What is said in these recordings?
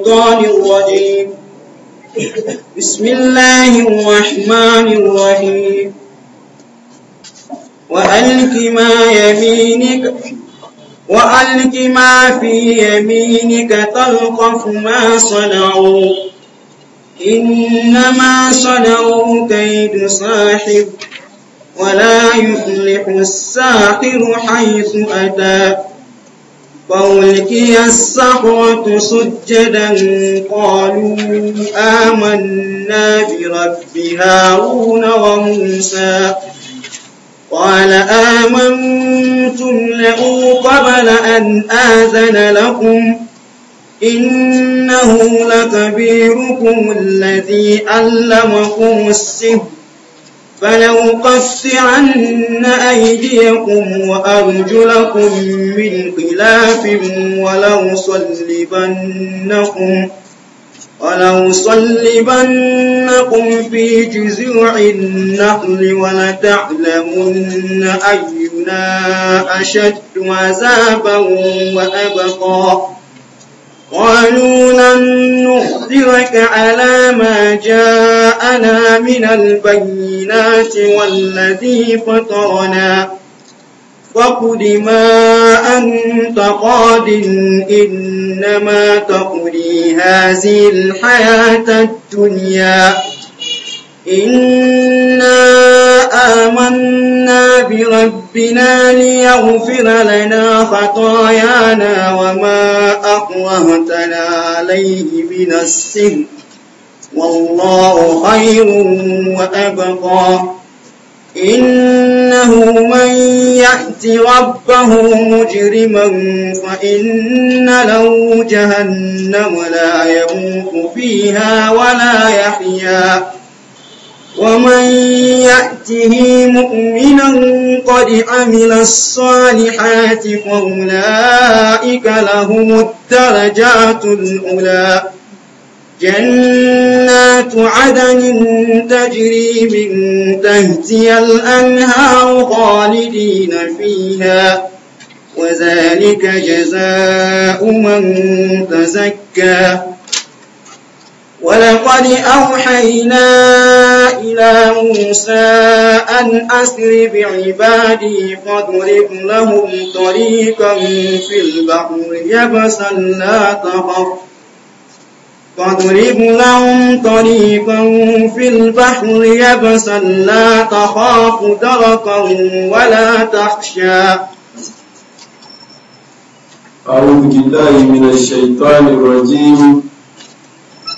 الشيطان الرجيم بسم الله الرحمن الرحيم وألك ما يمينك وألك ما في يمينك تلقف ما صنعوا إنما صنعوا كيد ساحر ولا يفلح الساحر حيث أتى فألقي السحرة سجدا قالوا آمنا برب هارون وموسى قال آمنتم له قبل أن آذن لكم إنه لكبيركم الذي علمكم السحر فلأقطعن أيديكم وأرجلكم من خلاف ولو صلبنكم في جزوع النخل ولتعلمن أينا أشد عذابا وأبقى قالوا لن نؤثرك على ما جاءنا من البينات والذي فطرنا فقد ما أنت قاد إنما تقضي هذه الحياة الدنيا إنا آمنا بربنا ليغفر لنا خطايانا وما أقوهتنا عليه من السر والله خير وأبقى إنه من يأت ربه مجرما فإن له جهنم لا يموت فيها ولا يحيا ومن يأته مؤمنا قد عمل الصالحات فأولئك لهم الدرجات الأولى جنات عدن تجري من تهتي الأنهار خالدين فيها وذلك جزاء من تزكى ولقد أوحينا إلى موسى أن أسر بعبادي فاضرب لهم طريقا في البحر يبسا لا تخف فاضرب لهم طريقا في البحر يبسا لا تخاف درقا ولا تخشى أعوذ بالله من الشيطان الرجيم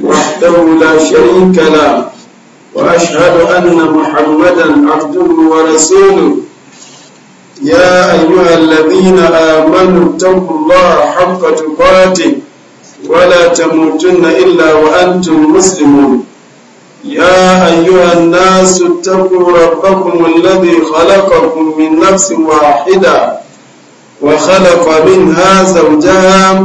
وحده لا شريك له وأشهد أن محمدا عبده ورسوله يا أيها الذين آمنوا اتقوا الله حق تقاته ولا تموتن إلا وأنتم مسلمون يا أيها الناس اتقوا ربكم الذي خلقكم من نفس واحدة وخلق منها زوجها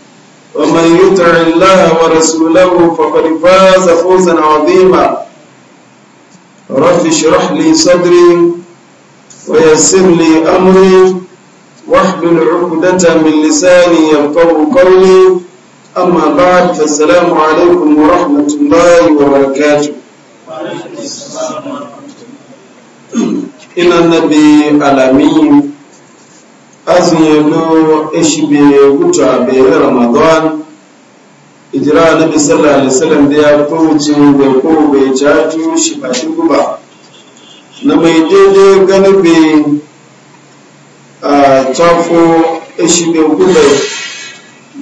ومن يطع الله ورسوله فقد فاز فوزا عظيما رب اشرح لي صدري ويسر لي امري واحلل عقدة من لساني يفقه قولي اما بعد فالسلام عليكم ورحمة الله وبركاته وعليكم السلام ورحمة الله إن النبي الأمين azumi lo eshi be ramadan ijira na sallallahu alaihi wasallam da ya kowace da kowace jaju shi ba shi guba na mai daidai gani be a tafo eshi be guba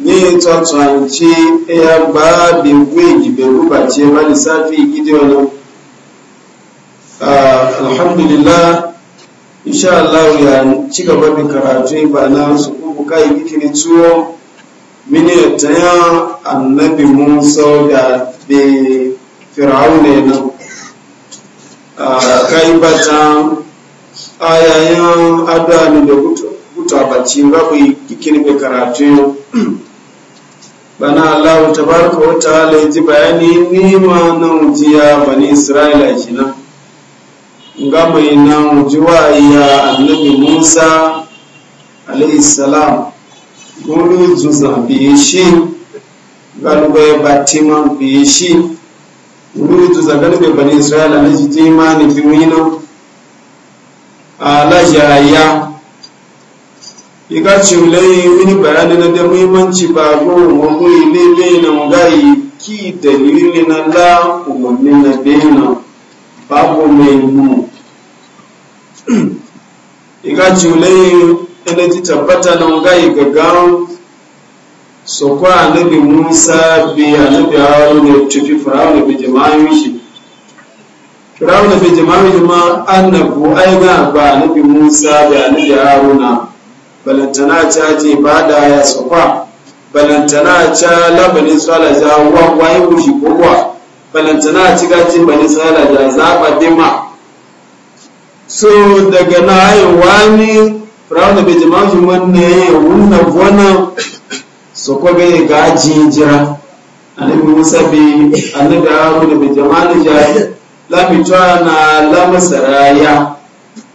ne tsatsance ya ba be gweji be guba ce ma lissafi gidiyonin alhamdulillah insha Allah ya ci gaba da karatu ba na su kuma kai kiri tuwo mini ta ya annabi Musa da be Fir'auna nan ah, kai ba ta ayayen adani da buta bacci rabu kike be karatu bana Allah tabaraka wa ta'ala ji bayani ni ma nan jiya bani Isra'ila kenan gama ina mujuwa ya annabi musa alaihissalam gulu zuza biye shi galibai batima biye shi gulu zuza galibai bani isra'ila na jiji ma ni biwino a lajaya iga cimlayi mini bayani na da muhimmanci ba gowon wago ile bai na mugayi ki dalilin na la umarni na bai na babu mai mu iga julai ina ji tabbata na ga igaga so kwa annabi Musa bi annabi Harun ya tafi Fir'aun bi jama'in shi Fir'aun bi jama'in ma annabu ai ga ba annabi Musa bi annabi na balantana ta ce ba da ya so kwa balantana ta labanin sala ja wa wa yi kushi ko kwa balantana ci ga ci bani sala ja zaɓa dima so daga na haihuwa ne firawuna bai jama'a shi ne ya wunan gona so ko bai jira jijira annabi musa bai annabi da bai jama'a yi lamitwa na lamasaraya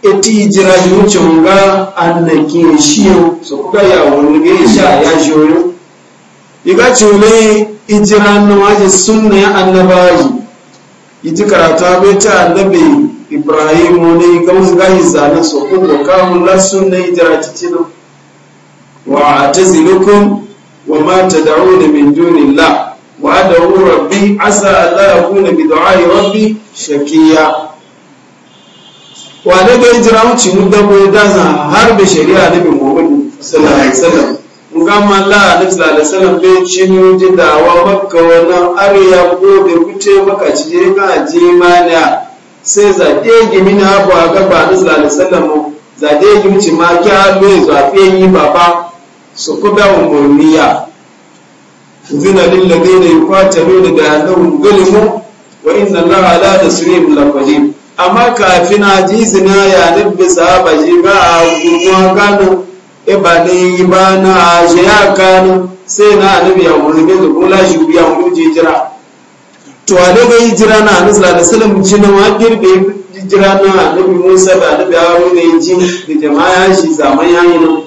eti jira yuce nga shi yau so kuka ya wani ga sha ya shoyo iga cule ijira na waje sunna ya yi ji karatu abai ta annabi ibrahimu ne gamsu gahi zanen su kuma kamun lasun na hijira cikin wa a ta zilukun wa ma ta da min dunin la wa a rabbi asa allah ya bi du'ai rabbi shakiya wa ne ga hijira wuce mu dabo da za har da shari'a nabi muhammadu sallallahu alaihi wasallam ngama ga nabi sallallahu alaihi wasallam be cinu jidawa makka wannan arya ko da kuce maka cije ka je sai zaɗe gimi na abu a gaba da zalala sallama zaɗe gimi ce ma kya lo yi zaɓe yi baba su kuda umarniya zina lillabe da yi kwata lo da gane gulimu wa inna allaha la yi laqadim amma kafin zina ya nabbi sahaba ji ba gumwa gano e ba ne yi ba na a ya kano sai na annabi ya umurbe da kula shi biya mu jira to a daga jira na annabi sulada alaihi jini jina ma girbe jira na annabi Musa da annabi Haruna yi ji da jama'a shi zaman yayin nan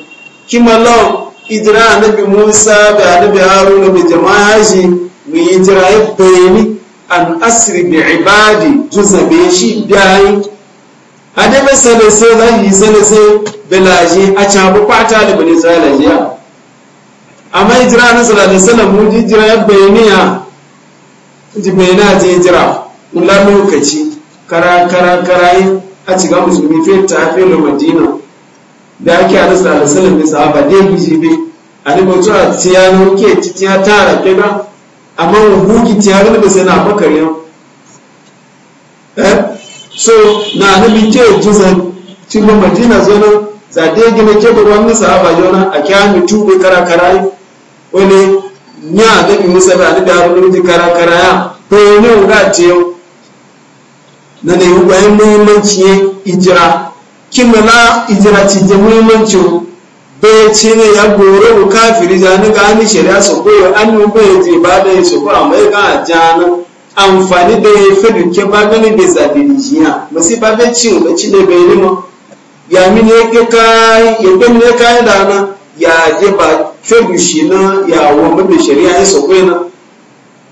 kimalo hijira annabi Musa da annabi Haruna da jama'a shi mu jira ya bayani an asiri bi ibadi zabe shi dai hade mai sale sai zan yi sale sai belaji a cabu kwata da bani Isra'ila jiya amma hijira na sulada alaihi wasallam mu jira ya bayani jibe na je jira mula lokaci kara kara karayi a cikin musulmi fiye ta fe da madina da ake a nasa alisalin da sahaba dai biji be a ni mutu a tiyano ke titiya tara kega amma hukuki tiyano da sai na bakari eh so na bi ke jizan cikin madina zonan za dai gina ke da wani sahaba jona a kya mutu be kara karayi wani ní àdébì musa bá àdébì arúgbó ti karakara yá pé ní òun gà tiẹ́ na da yi bayan muhimmanci ya ijira kimala ijira ci da muhimmanci bai ci ne ya gore ku kafiri ne ga ni shari'a su koyo an yi bai je ba da ya su ba mai ga jana amfani da ya fi duke ba gani bai zaɓi rijiya masu ba bai ci ba ci ne bai nima ya mini ya ke kayan ya gani ya kayan da na ya je ba febu shi na yawon mabe shari'a ya sa kwena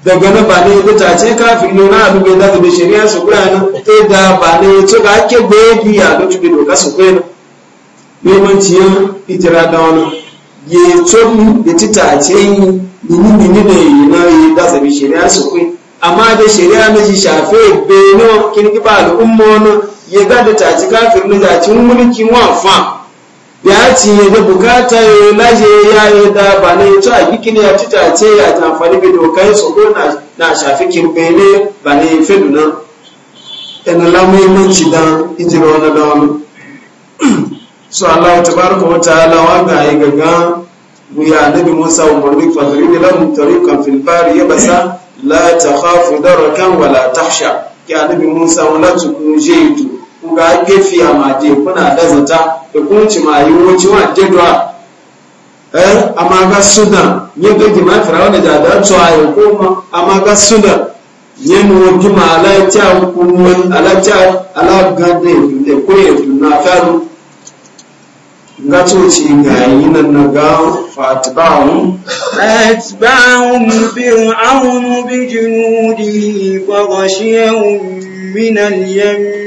daga na ba ne ya ta ce kafin ne na abin bai zaga da shari'a sa kwena na ta da ba ne ya ce ga ake gbebi a lokacin da doka sa kwena neman ciyan itira da wani ya tobi da ti ta ce yi nini nini da yi na yi da zabi shari'a sa kwena amma da shari'a na shi shafe bai nawa kirkiba al'umma wani ya ga da ta ce kafin ne da cin mulki wa fam ya ci da bukata ya laje ya yi da ba ne to a gikini ya ci tace ya ta amfani da dokai su ko na shafi kirbe ne ba ne fi nuna ɗan lamuhimmanci da ijira wani dawanu so Allah ta baraka wa ta'ala wa ga yi gaga mu ya nabi Musa umarni fadri da lahum tariqan fil bari basa la takhafu darakan wa la tahsha ya nabi Musa wala yi tu nga a amaje kuna dazata da kunci ma yi wuce wa jedwa eh amma ga suna yin ga ma firawa da da tsawa ya koma amma ga suna yin wuce ma alaita hukumun alaita alagade da koye na karu nga tsoci ga yi nan na ga fatibahun fatibahun fir'aun bi junudihi wa ghashiyahum min al-yamm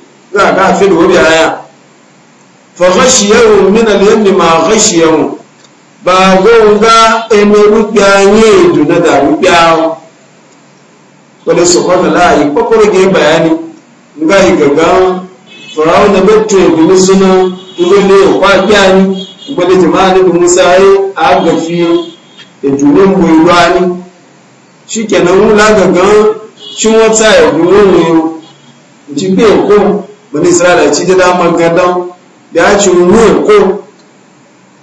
za a fi da wuri haya fa ghashiyahu min al-yamm ma ghashiyahu ba go ga emeru ganye du na da rubiya wala subhanallahi kokoro ge bayani ga yi gaga farao da batto bi musuna dole kwa gani gbade jama'a da musa yi a gafi da dunin boyuwani shi kenan wula gaga shi wata ya dunin wuyo ji be ko bani israila ci da dama gadan da ya ci ruwa ko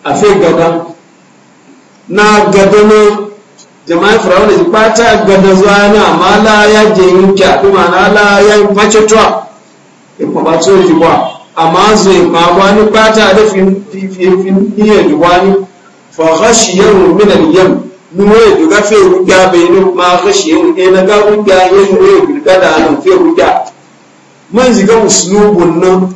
a fi gadan na gadano jama'a firawuna ji bata gada zuwa yana ma la ya je yinki a kuma na la ya yi mace tuwa in ba ba so ji ba amma zo in ma ba ni bata da fi fin iya ji ba fahashi fa ghashiyan min al yam ni waye duga fe bai ni ma ghashiyan e eh, na ga ruga yin waye da nan fe ruga man shiga uslubun nan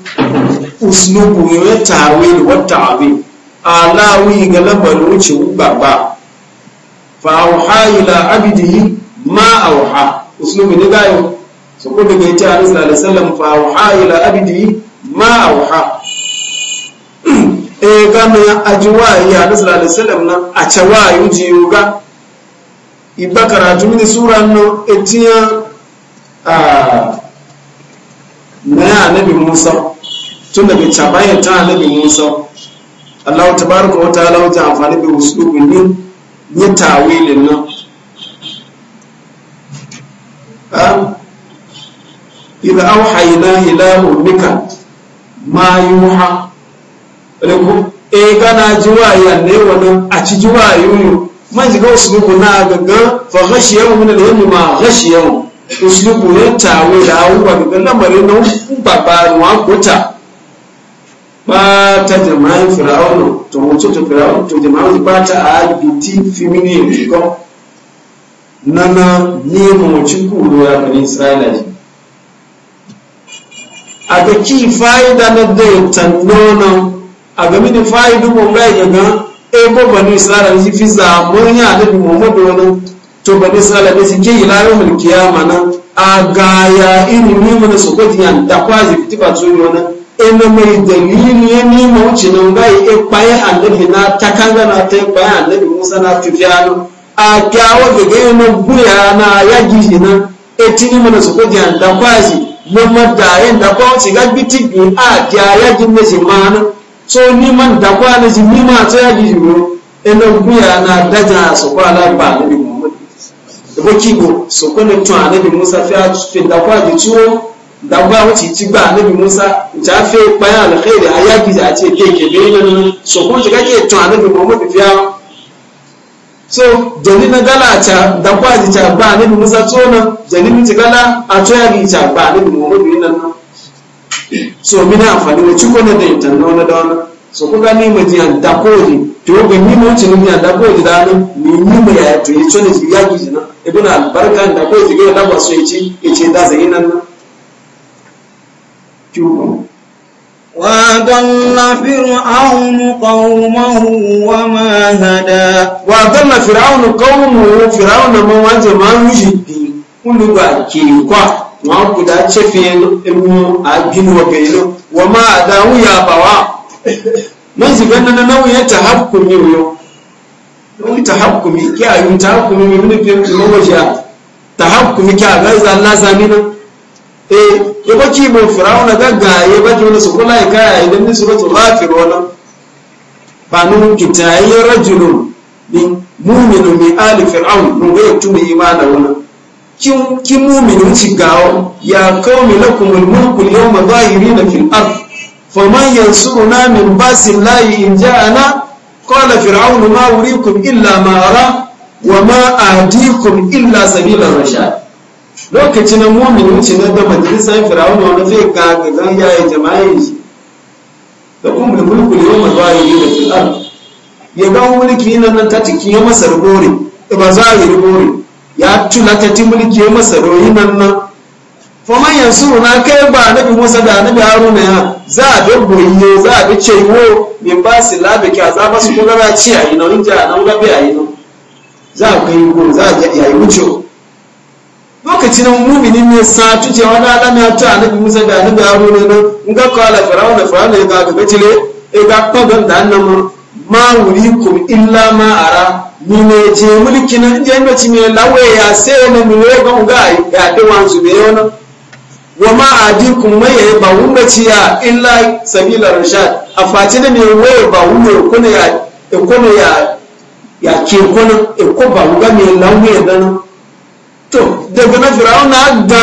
uslubu ya tawe da wata abu alawi ga labarin wuce baba fa auha ila abdihi ma auha uslubu ne gayo so ko daga yace a sallallahu alaihi wasallam fa auha ila abdihi ma auha E, eh, kana ya ajiwa ya a sallallahu alaihi wasallam nan a cewa yuji yuga ibakara tumini sura nan etiya ah na ya annabi musa tun daga cabayin ta annabi musa allah ta baraka wa ta'ala wata amfani da wasu ne ya tawilin nan إذا أوحينا إلى أمك ما يوحى ركو إيه a جوايا نيوانا أتي جوايا يويو ما يجي قوس نقول ناقا فغشيهم من الهم ما غشيهم uslubu ne tawe da abubuwa daga lamarin na baba wa gota ba ta jama'in fir'aunu to wace ta fir'aunu to jama'in ba ta abiti feminin nana neman wace kuro ya bani isra'ila ji fa'ida na da tannona a ga mini fa'idu mun ga ga ebo ni isra'ila ji fi zamun ya da bi to bani isra'ila ke yi ila yawmul qiyama na ya ini ne mun su ko tiyan da kwaji fitiba to yo na ina mai dalili ne mu wuce nan bai e paye annabi na takanga na ta paye annabi musa na tufiyano a gawa ga ga na buya na ya gishi na etini mun su ko tiyan da kwaji mun madda yin da kwaji ga bitigi a ga ya gin ne mana so ni man da kwaji ni ma to ya gishi ina buya na daja su kwala ba annabi bokigo sokone tún anabi musa fẹ́ fẹ́ dàgbà àjò dàgbà àwọn tí ti gba musa ìjà fẹ́ payá àlùkẹ́rẹ́ ayágbèjà àti èké ìkèké nínú sokone tí kájẹ́ tún anabi so jani na gala ta dàgbà a gba musa tó na jani mi ti gala àtọ́ yàrá ìjà gba anabi so mi ní àǹfààní wọn tí ní náà náà so ko gani mu ji an dakodi to ga ni mu ci ni an dakodi da ni ni mu ya to yi tsone ji yaki jina ibn albarka da ko ji ga da ba so yi yace da zai nan na kyuko wa dalla fir'aun qaumahu wa ma hada wa dalla fir'aun qaumahu fir'aun ma wa jama'u jiddi kullu ba ke kwa wa ku da chefe emu abinu wa bayno wa ma da ya bawa manzi ganna na nauyin tahakkumi yo nauyin tahakkumi ke a yin tahakkumi mai nufin mawajiya tahakkumi ke a gaza Allah zamina eh ya baki mai gaga gaggaye baki wani sukula ya kaya idan ni suratul ghafir wala banu kitayi rajulun min mu'minu min ali firawun mun ga yatu mai imana wala kin kin mu'minin gawo. ya qaumi lakumul mulku yawma zahirina fil ardh فمن ينصرنا min basin layi in جاءنا قال fir'aunu ma أريكم illa ما أرى wa ma إلا illa sabila rashad lokacin mu mu'min wuce na da majalisar fir'aunu wanda zai ga ga yayi jama'a shi da kuma da mulku ne yawma zahiri da fil ya ga mulki nan nan ta cikin ya masa rigore ba ya tula ta mulki ya masa nan faman yansuru na kai ba annabi Musa da annabi Haruna ya za a bi boye za a bi cewo min ba su labe za ba su kuma ra ci ayi no inja bi ayi no za a kai za a yayi wuce lokacin ne sa wani alama ya ta Musa da Haruna na in ga kala fir'aun da fir'aun ya ga ga da annan ma illa ma ara ni ne je mulki je na ga e ga wa ma adikum waye ba wunga ciya illa sabila rashad a faci da ne waye ba wunga kuna ya kuna ya ya ke kuna e ko ba wunga me lawu ya dana to daga na firawuna da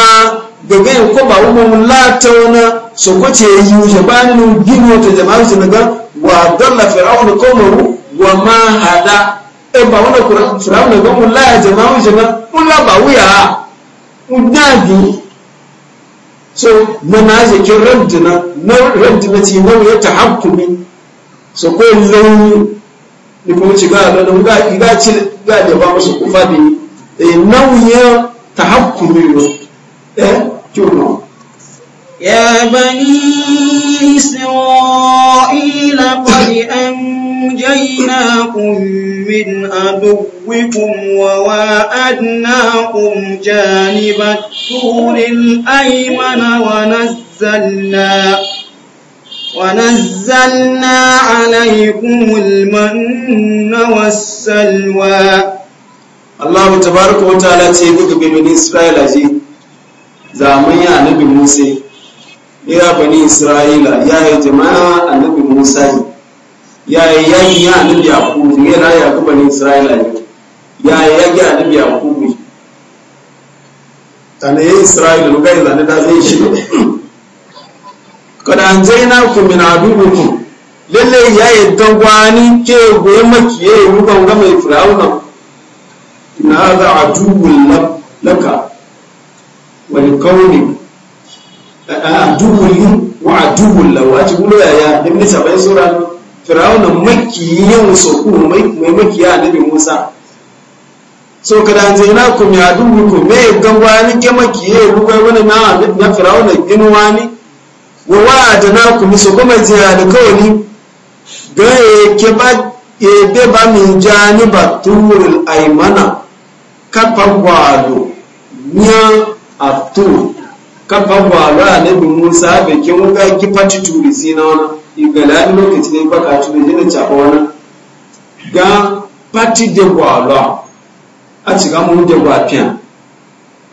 daga e ko ba wunga mun lata wana so ko ce yi je ba ni gino to jama'a su daga wa dalla firawuna qawmuhu wa ma hada e ba wunga firawuna ga mun la jama'a jama'a mun la wuya mun dadi so na nazikin rantuna na rantuna ce na ya ta hakkumi so ko zai ni ko ci ga da ga ga ci ga da ba musu kufa ne eh nauyin ta hakkumi yo eh ki يا بني إسرائيل قد أنجيناكم من عدوكم وواعدناكم جانب الطور الأيمن ونزلنا ونزلنا عليكم المن والسلوى الله تبارك وتعالى تيبوك ببني إسرائيل زامن يا نبي موسي ya bani isra'ila ya yi jama'a annabi musa yi ya yi yayi ya annabi yakubu ya na yaku bani isra'ila yi ya yi yayi annabi yakubu yi tana yi isra'ila ga yi zane da zai shi kada an zai na ku min adubuku lalle ya yi dangwani ke maki ya yi mukan gama fir'auna na za a dubu laka wani kaunin aduwullin wa aduwun lawa ci gulo yaya da minista bai sura firawunan makiyin soku mai makiya annabi musa so kada je na ku mi aduwu ku me gamba ni ke makiye ruwa wani na na firawunan inuwa wani wa wa da na ku mi so kuma da kawani ga ke ba e be ba mi jani baturul aymana kafa gwado nya atur kafa gwalo a nabi musa bikin wuga kifati turi si na wani igala ni lokaci ne baka turi jini caba wani ga pati de gwalo a cika mun de gwafiya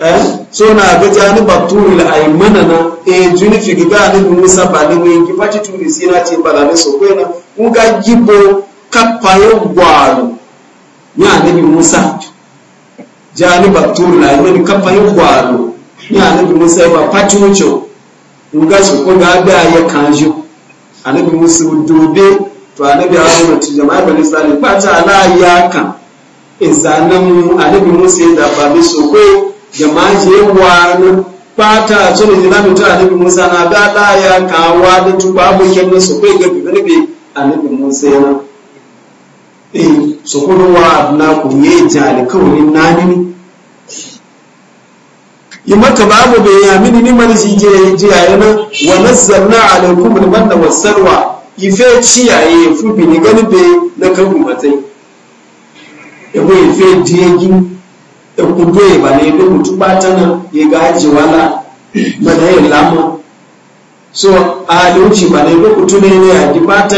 eh so na ga ta ni baturi la mana na e juni fi ga nabi musa ba ni mun kifati turi si na ce ba ni ne so na mun gibo kafa yo gwalo ni bi musa jani baturi la aymana kafa yo gwalo ní ànábì musa ẹwà pàtí òjò nga sọkọ ga abẹ ayẹ kan yó ànábì musa òdòdó tó ànábì arúgbó tó jẹ máa bẹrẹ sáré pàtí aláàyè kan ìzànàmù ànábì musa ìdàpà mi sọkọ jamaa yẹ wà ní tó musa náà abẹ kan wà ní túbọ̀ abókẹ́ ní sọkọ ìgbẹ́ bíbẹ́ musa náà. sọkọ àbúlá kò yé ìjà ní nání يمك wa بيامين نمر جيجي جيانا da wasarwa ife ciyaye يفي تشيعي يفو بنغني na نكو matsayi. yabo ife diegi ekudo ibana ebe mutu nan ya gaji wala mana yin lamu so a da wuce ba da ebe kutu ne ne a dibata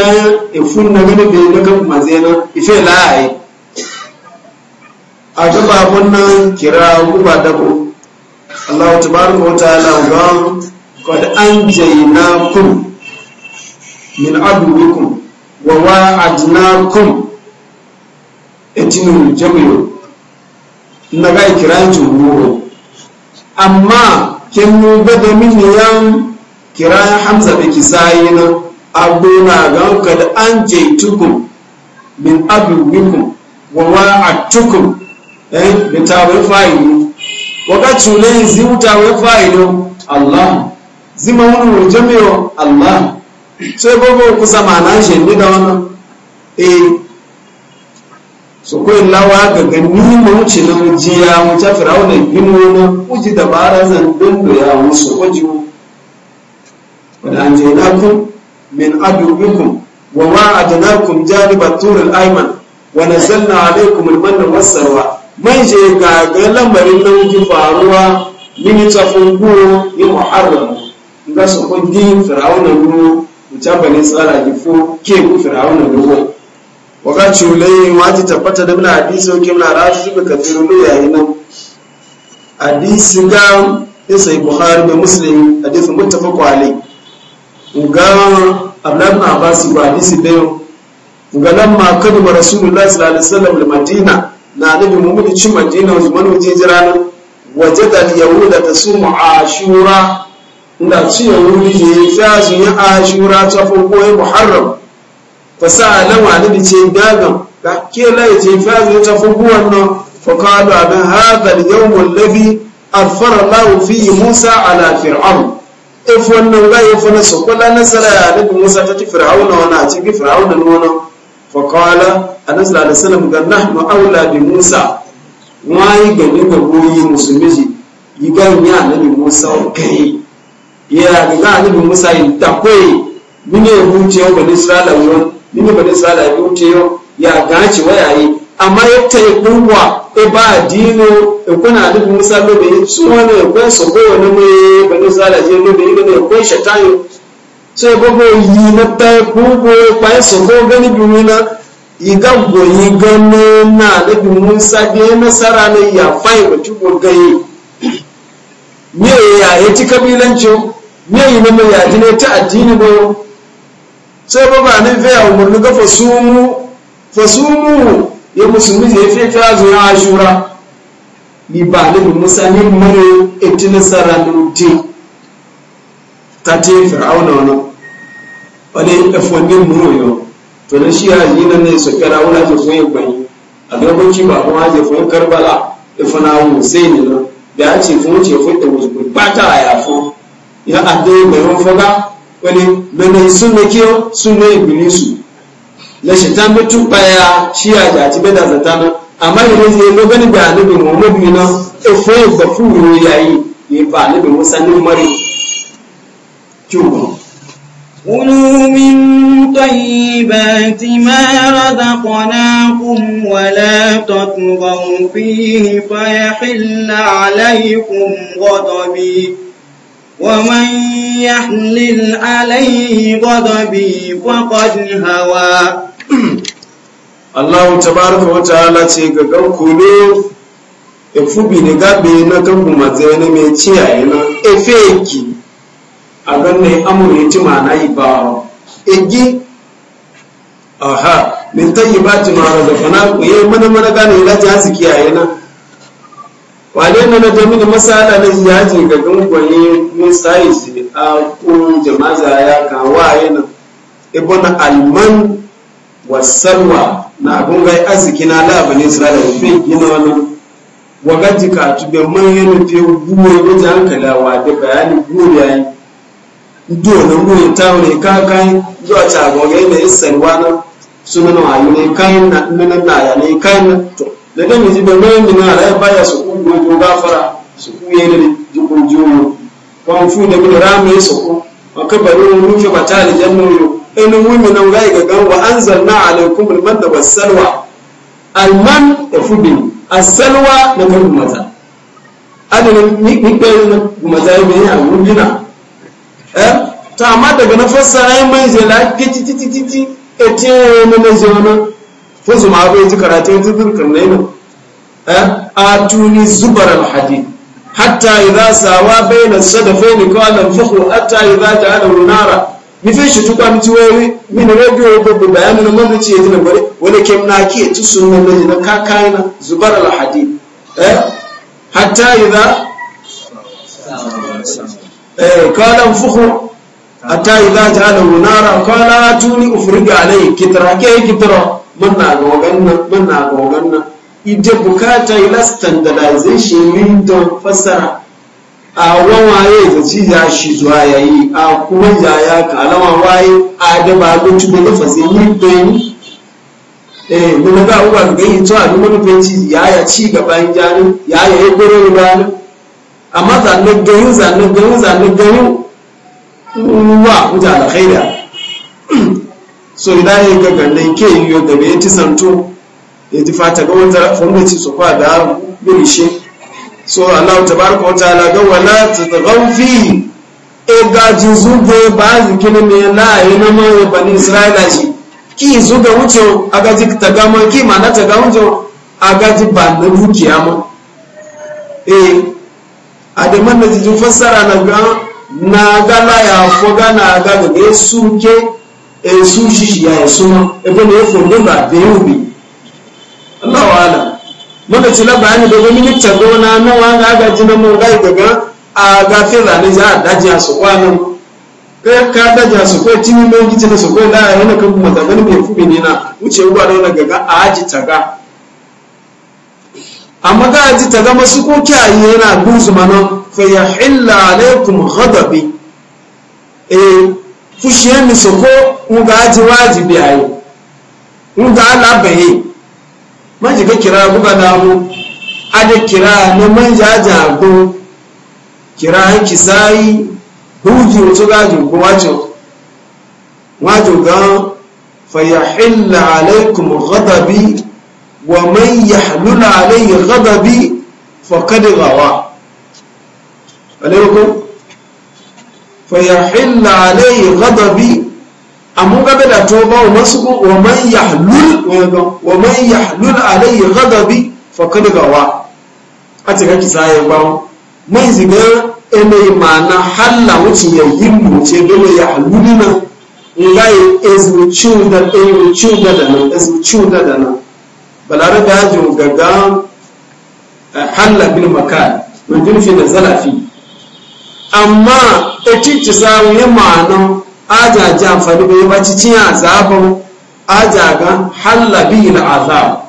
efun na gani bai na kan ife la'ayi a ta wannan kira guba dabo Allah tabaraka wa ta'ala wa qad anjaynakum min aduwikum wa wa'adnakum etinu na naga ikiran jumhur amma kin mu bada min yan kiran hamza da kisayina abuna ga kad anjaytukum min aduwikum wa wa'adtukum eh bitawil fa'ili wakati ule zi utawefa ilo Allah zima wani wajami Allah so gogo kusa ma'ana shi ne da wannan eh so ko ga gani mu wuce na jiya mu ta firawuna gino na uji dabara zan dindo ya musu waji wadan jainakum min adubikum wa wa'adnakum janibat turil ayman wa nazalna alaykum al-manna man je gaga lamarin nauji faruwa mini tsafin guwo yi muharram ga su kundi firawunan ruwa mutabalin tsara gifo ke ku firawunan ruwa waka cule wati tabbata da muna hadisi oke muna rasu da kafiru da yayi nan hadisi ga isa bukhari da muslim hadisi muttafaqu alai ga abdullah ibn abbas ba hadisi da yau ga nan ma lamma kaduma rasulullahi sallallahu alaihi wasallam madina na nabi muhammadu cin madina wasu jira jiranin waje da yahuda ta su ashura da ci yahudi da ya fiya su yi ashura ta farko ya muharram Ta sa alama nabi ce gagan ga ke laye ce fiya su ta farko wannan fa abin hada da yawon lafi alfara lawo fi musa ala fir'aun if wannan ga ya fi na sokola nasara ya nabi musa ta ci fir'auna wani a cikin fir'auna nuna faƙala a nan da salam ga nahnu aula bi musa wani gani ga goyi musulmi yi gani ya nabi musa kai ya ga nabi musa yi takwai mini ya huce yau bani isra'ila yau mini bani isra'ila ya huce yau ya gaci wayaye amma ya ta yi kurwa e ba dino e kuna nabi musa lobe ya tsuwa ne ya kwan sokowa na mai bani isra'ila je lobe ya gani ya kwan shatayo sai gbogbo yi na ta gbogbo kwaye soko gani bimu na iga yi gane na da bimu sage nasara ne ya fai ba ci gogaye me ya ya ci kabilancin me yi na mai yaji ne ta addini ba sai baba ne fe ya umarni ga fasumu mu ya musulmi ya fi ta zuwa ashura ni ba ne bimu sani mare etinasara ne rutin ta ce fir'auna wani wani f1 din mu yo to na shi ya yi nan ne so kara wani je fun yaban a lokaci ba kuma je fun karbala sai husaini na da ya ce fun ce fun da wasu bata a yafo ya adde mai wani faga wani lona sun ne kiyo sun ne ibilisu na shaitan mutu tubaya shi ya jaci bai da zata na amma yanzu zai logani da annabi muhammadu na ifo ba furu yayi ya ba annabi musa ne mari kyau كلوا من طيبات ما رزقناكم ولا تطغوا فيه فيحل عليكم غضبي ومن يحلل عليه غضبي فقد هوى الله تبارك وتعالى تيغا كلوا efubi ne gabe na kan kuma zai ne mai ciyaye na efeki aganne amuri ti mana iba igi aha min tayyibati da fana ku yi mana mana gane ila ta kiyaye na wale na na da masala na yaji ga gungwaye mun sayi shi a kun jama'a ya kawa yana na alman wasanwa na abun gai arziki na labarin isra'ila da fi gina wani wagaji ka tube man yana fi guwa wajen a da bayanin guwa yayi duwa na ruwan tawon ne kakai zuwa cagogai da isarwa na sunan wayo ne kayan na nan na ya ne na to da ga miji ba mai mina da ya baya su ku gojo gafara su ku yi ne jikun jiwo kwan fu da mini rami su ku wa kabarin rufe ba ta da jannu yo ɗan e wumi nan ga ga gan wa anzalna alaikum almanna wasalwa alman da e fudin asalwa da kan mata adana ni ni kai mata yi a wurina Eh? to amma daga na fassara yin mai zai gici titi titi e ce na mai jela na fun su ma bai ji karatu yanzu zurkan na yi eh? a tuni zubar alhadi hatta idza sawa ne kawai qala fakhu hatta idza ja'ala nara mi fi shi tukwa mi tiweri mini ne radio babu bayanin bayani na mun ce wani kem na ki tu sunna ne na kakaina zubar alhadi eh? hatta za قال انفخوا حتى إذا جعل نارا قال آتوني أفرج عليه كترة كي كترة من أغوغن من أغوغن ide bukata ila standardization window fassara a waye da ci ya shi zuwa yi a kuma yaya kalama waye a da ba lutu da yin doyi eh mun ga uwa ga yi to a duk wani fenci ya ci gaban jani yaya ya gore ni amma zane gayu zane gayu zane gayu wa wuta da khaira so ina yi ga ganin ke yiwu da bai ti santo ya ti fata ga wanda fongaci su kwa da birishe so allahu tabaraka wa ta'ala ga wala tatghaw fi e ga jin zuge ba zikin me la yi na mai bani Isra'ila shi ki zuga wuce aga ji tagama ki ma na tagama jo aga ji ba na dukiya ma eh ademan na jijin fassara na ga na gala ya foga na ga ga ne su ke e su shi ya su ma e bo ne fo nuna be ubi Allah wa ala maka ci labani da ga e e minita tago na wa ga ga jina mun ga ga a ga fira ne za a daji a su kwanan kai ka daji a su kai tini mai gici su kai da yana kan kuma da mai fubi ne na wuce ruwa da wani gaga a aji taga amma ga ji ta gama su ko kyayi yana gunsu mana fa ya hilla alaikum ghadabi eh fushiyan mi so ko mu ga ji wajibi ayi mu ga labaye man ji ga kira buga da mu ada kira ne man ja ja jago kira hanki sai huji wato ga ji ko wajo wajo ga fa ya hilla alaikum ghadabi wa man yahlul alayhi ghadabi faqad ghawa alaikum fa yahill alayhi ghadabi amma gabe toba wa masu wa man yahlul wa man yahlul alayhi ghadabi faqad ghawa a cika kisaye ba mai ziga ene mana halla wuce ya yimmu ce dole ya halulina ngai ezu ezu da balare da yajin gaga eh, halla bin makan mun jirfi da zarafi. amma ta cici samu ya ma'anan ajaji amfani bai ba cikin azabin ajagan halla bin azab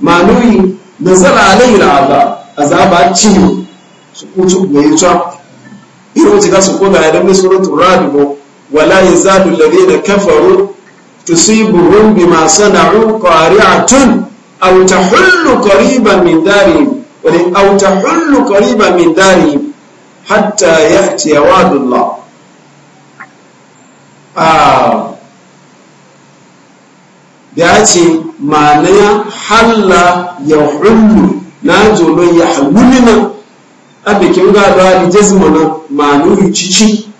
manuyi nazara alayhi azab azaba ciwo su kucu mai cewa irin wuce ga su koda ya dambe suratul radibo wala yazadu da kafaru tusibuhum bima sana'u qari'atun tun tahullu qariban min darihim aw tahullu qariban min darihim hatta ya'ti wa'dullah ah ya ce ma'ana halla ya hullu na zolon ya haluli nan abikin gaba da jazma nan ma'anu cici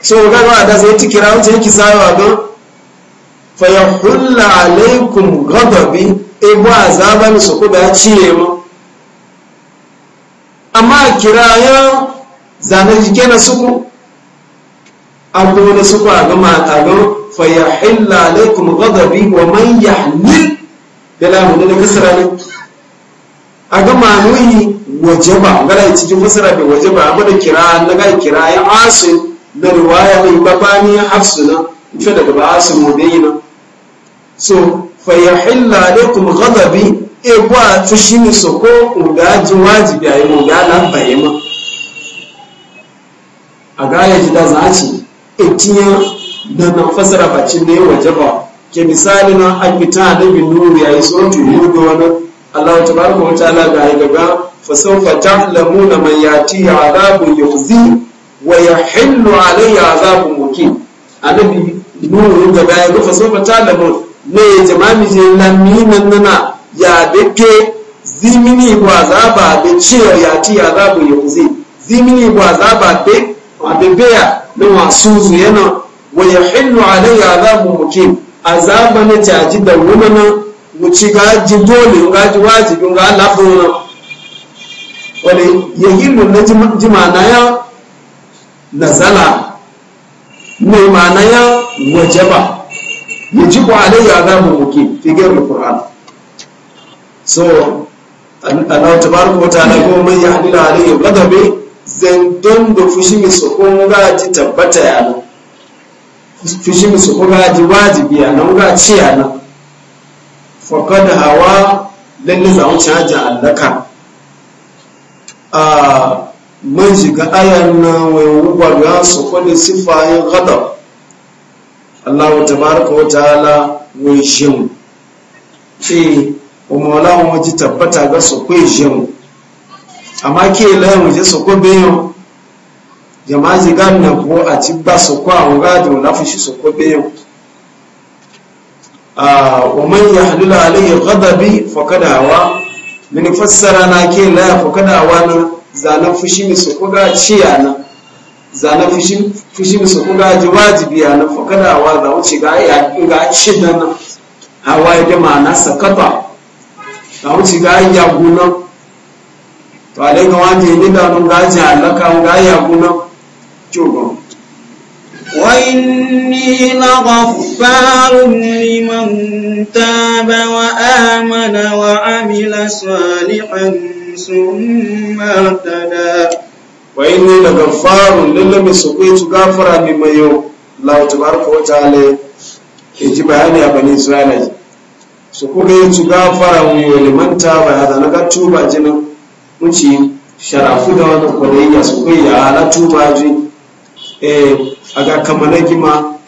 so gaba da zai ti kira wuce yake sayawa don fayahulla alaikum ghadabi ebo azaba su soko da ciye mu amma kiraya zane jike na suku abu da suku a gama a ga fayahulla alaikum ghadabi wa man yahlil bala mu da kasra ne a gama nuyi wajaba gara cikin masara waje ba, abu da kira. na ga kiraya asu da riwaya mai babani hafsuna fe daga ba su mu na so fa yahilla alaikum ghadabi e gwa shi ne su ko ugaji wajibi ayi mu a gaya ji da zaci etiya da na fasara bacin ne ba. ke misali na alfita da bin nuru yayi so to yugo wannan Allah tabaraka wa ta'ala ga ya gaba fa sawfa ta'lamuna man yatihi 'adabun yukhzi wa yahillu 'alayhi 'adabun muqim annabi nuru gaba ya gufa so ta da mu ne jama'i je laminan nana ya dake zimini ko azaba da ciya ya ti ya za bu yanzu zimini ko za ba be a bebeya na wasu zuyana wa ya hillu alayya azabu mu mukim azaba ta ji da wunanan mu ci ji dole ji wajibin ga ko na. wani ya hillu na ya nazala ma na ya wajaba yajibu alayhi ya muqim fi ghayri alquran so Allah tabaraka wa ta'ala ko man yahdil alayhi ghadabi zan don da fushi mi so ko ga ji tabbata fushi mi so ko ga ji wajibi ya no ga ci ya no faqad hawa lalle za mu caja allaka a man shiga ayan nan wai wuba ga so ko ne sifa Allah baraka wata ala wai mu. ce o mola wa ji tabbata ga su kai mu? amma ke la waje je su ko beyo jama'a zai ga na ko a ci ba su a ga da na fushi su ko beyo a wa man yahlulu alayhi ghadabi faqad hawa min fassara na ke la faqad hawa na zanen fushi mi su ko ga ciya zana fushin fushin su kuma ji wajibi a nan fakadawa da wuce ga ya ga shi dan nan wa ya dama na sakata da wuce ga ya gunan to a dai ga wanda ya nida nun ga ji halaka ga ya gunan jogon وإني لغفار لمن تاب وآمن وعمل صالحا ثم اهتدى wa inni la ghafarun lil misqitu ghafara limayo Allah tabaraka wa ta'ala ji bayani a bani Isra'ila su kuka yi su gafara mu yi limanta ba ya na gatu tuba jinin wuce sharafu da wani ya su kai ya ala tuba ji eh, a ga kamar gima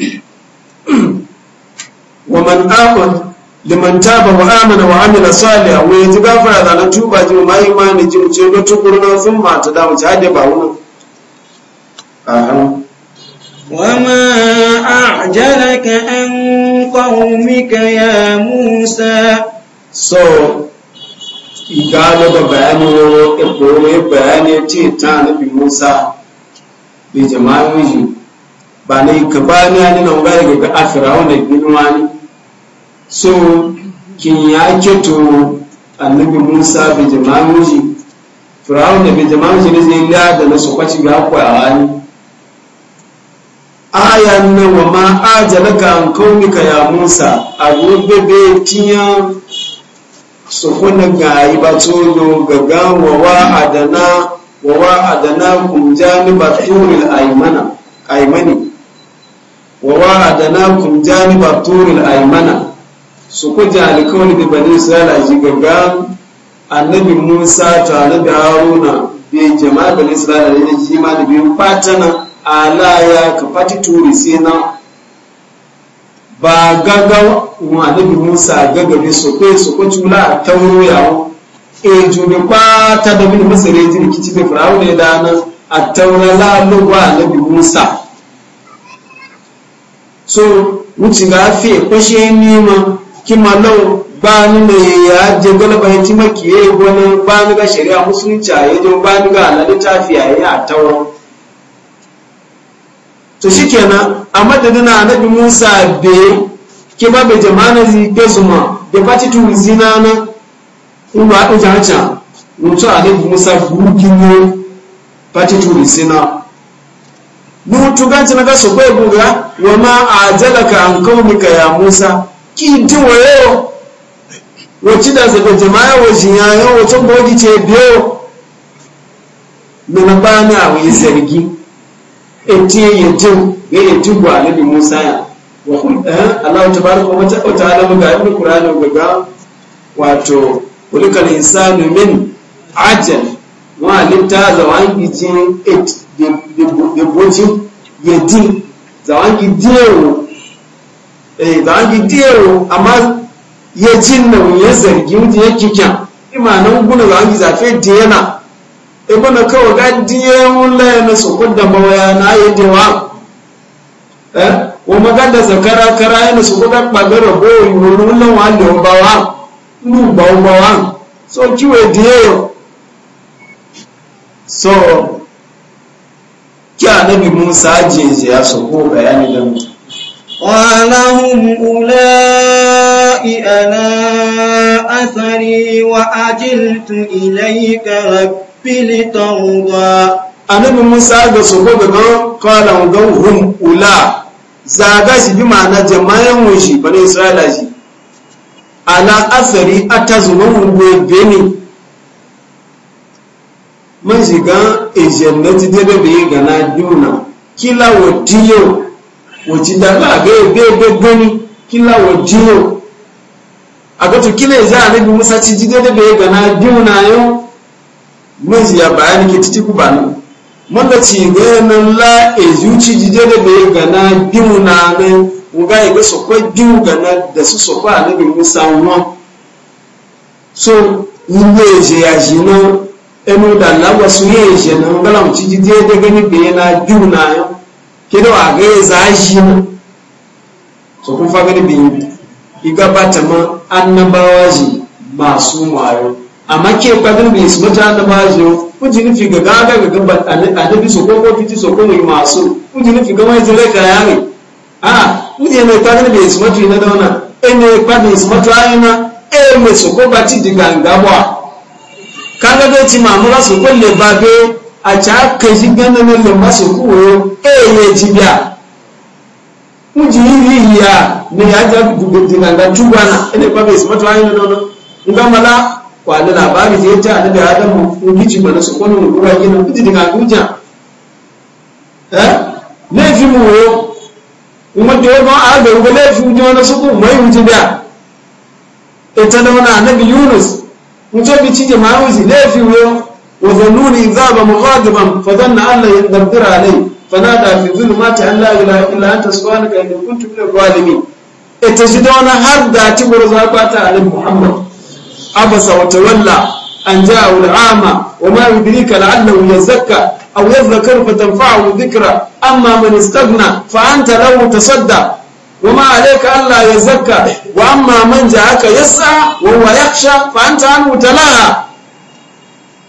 wa man aqad liman taba wa amana wa amila salihan wa yaji gafara da na tuba ji ma imani ji ce ga tukuru sun ma ta damu ci hade ba wani aha wa ma a'jalaka an qawmika ya musa so igalo da bayani ne ko kuma bayani ce ta nabi musa bi jama'i ba ne ka bani ani na ga ga afira wanda girmani so kin ya to annabi musa bai jama'uji firawun da bai jama'uji ne zai la da na sokwaci ga kwa wani ayan nan wa ma ajalaka an kaunika ya musa a gobe be tinya sokona ga yi ba tsoro ga gawa wa adana wa wa adana ni ba turil aimana aymani wa wa adana ni ba turil aimana su ku ji da bani isra'ila ji gaga annabi musa tare da haruna bai jama'a bani isra'ila da ji ma da biyu fatana ala ya ka fati turi sai na ba gaga kuma annabi musa gaga su kai su ku a tauro yawo e jube kwa ta da bin masare ji rikici da firawun ya dana a taura la lugwa annabi musa so wuce ga fiye kwashe neman kima lau ni ne ya je maki ya ci makiye ba ni ga shari'a musulunci a yi ba ni ga alali tafiya ya yi a tauron to shi kenan a madadin annabi musa da ke ba bai jama'a zi ke ma da fati tu zina na kuma a ɗauki hancan mutu nabi musa gurgin ne fati tu zina nutu ganci na gasa kwaibu ga wa ma a jalaka an kaunika ya musa kinti wayo wacce da zaga jama'a wajen yayan wacce bogi ce biyo nuna ba ni a wani zargi eti yetim ya yetim bu alibi musa ya wa kun eh Allah ta baraka wa ta ta da ga ibn qur'ani ga wato ulikal insanu min ajal wa alimta zawan gijin et de de bojin yetim zawan gijin eh ga an gidiyo amma ya jin nan ya zargi mutum ya kikya imanan guna eh, ga an gi zafe diyana e bana kawa ga diyewun laye na sokon da mawaya na ya dewa eh wa maganda zakara kara yana sokon da kpagara boyi wurin wani wa da bawa ndu bawa bawa so kiwe diyeyo so kí ànábì musa jẹ́ ìjẹ́ àsọ̀kó bayani da mutum قال هم أولئك أنا أثري وأجلت إليك رب لترضى annabi musa da su goga ga kwalan gan hum ula zaga shi bi ma'ana jama'an wunshi bane isra'ila shi ala asari atazunu gobe ne man shiga ejen na ti dede bai kila wa wòtídàgbà àgbégbégbé ní kí láwọ̀ díò àgbẹ̀tù kí lè já níbi musa ti jí dédé bèé gànà díò náà yó méjì àbáyé ní kí títí kúbà ní mọ́tàtì ìgbéyànà ńlá èyí tí jí dédé bèé gànà díò náà ní wùgá ìgbé sọ̀kọ́ díò gànà dẹ̀sù sọ̀kọ́ àníbi musa wọn so ilé èjì àjì náà ẹnu dàláwọ̀ sórí èjì náà náà kino a ga ya zashi na so kun faga ni bin igabata ma annabawa masu mayo amma ke kwadin bin su mata annabawa ji kuji nufi ga gaga ga gaba annabi so ko ko fiti so ko mai masu kuji nufi ga mai zira ka yare a kuji mai kwadin bin su mata na dauna ene kwadin su mata ayina e mai so ko ba ti diganga ba kan ga ti mamura so ko le babe a ci aka shi ganin nan masu koyo eye ji biya uji yi ya ne ya ja dinanga tugwana ina kwa bai smart wani nan nan nga mala kwa da labari je ta da adam mu gici bana su kono mu kura gina uji dinga kuja eh ne fi mu yo kuma je ba a ga ga ne fi mu na su ko mai uji biya ita da wannan annabi Yunus mutum bi ci jama'u ne fi mu وظنوني إذ ذهب مغاضبا فظن أن لن نقدر عليه فنادى في الظلمات أن لا إله إلا أنت سبحانك إني كنت من الظالمين اتجدون هردا تبر زابات على محمد عبس وتولى أن جاءه العامة وما يدريك لعله يزكى أو يذكر فتنفعه الذكرى أما من استغنى فأنت له تصدى وما عليك ألا يزكى وأما من جاءك يسعى وهو يخشى فأنت عنه تلاهى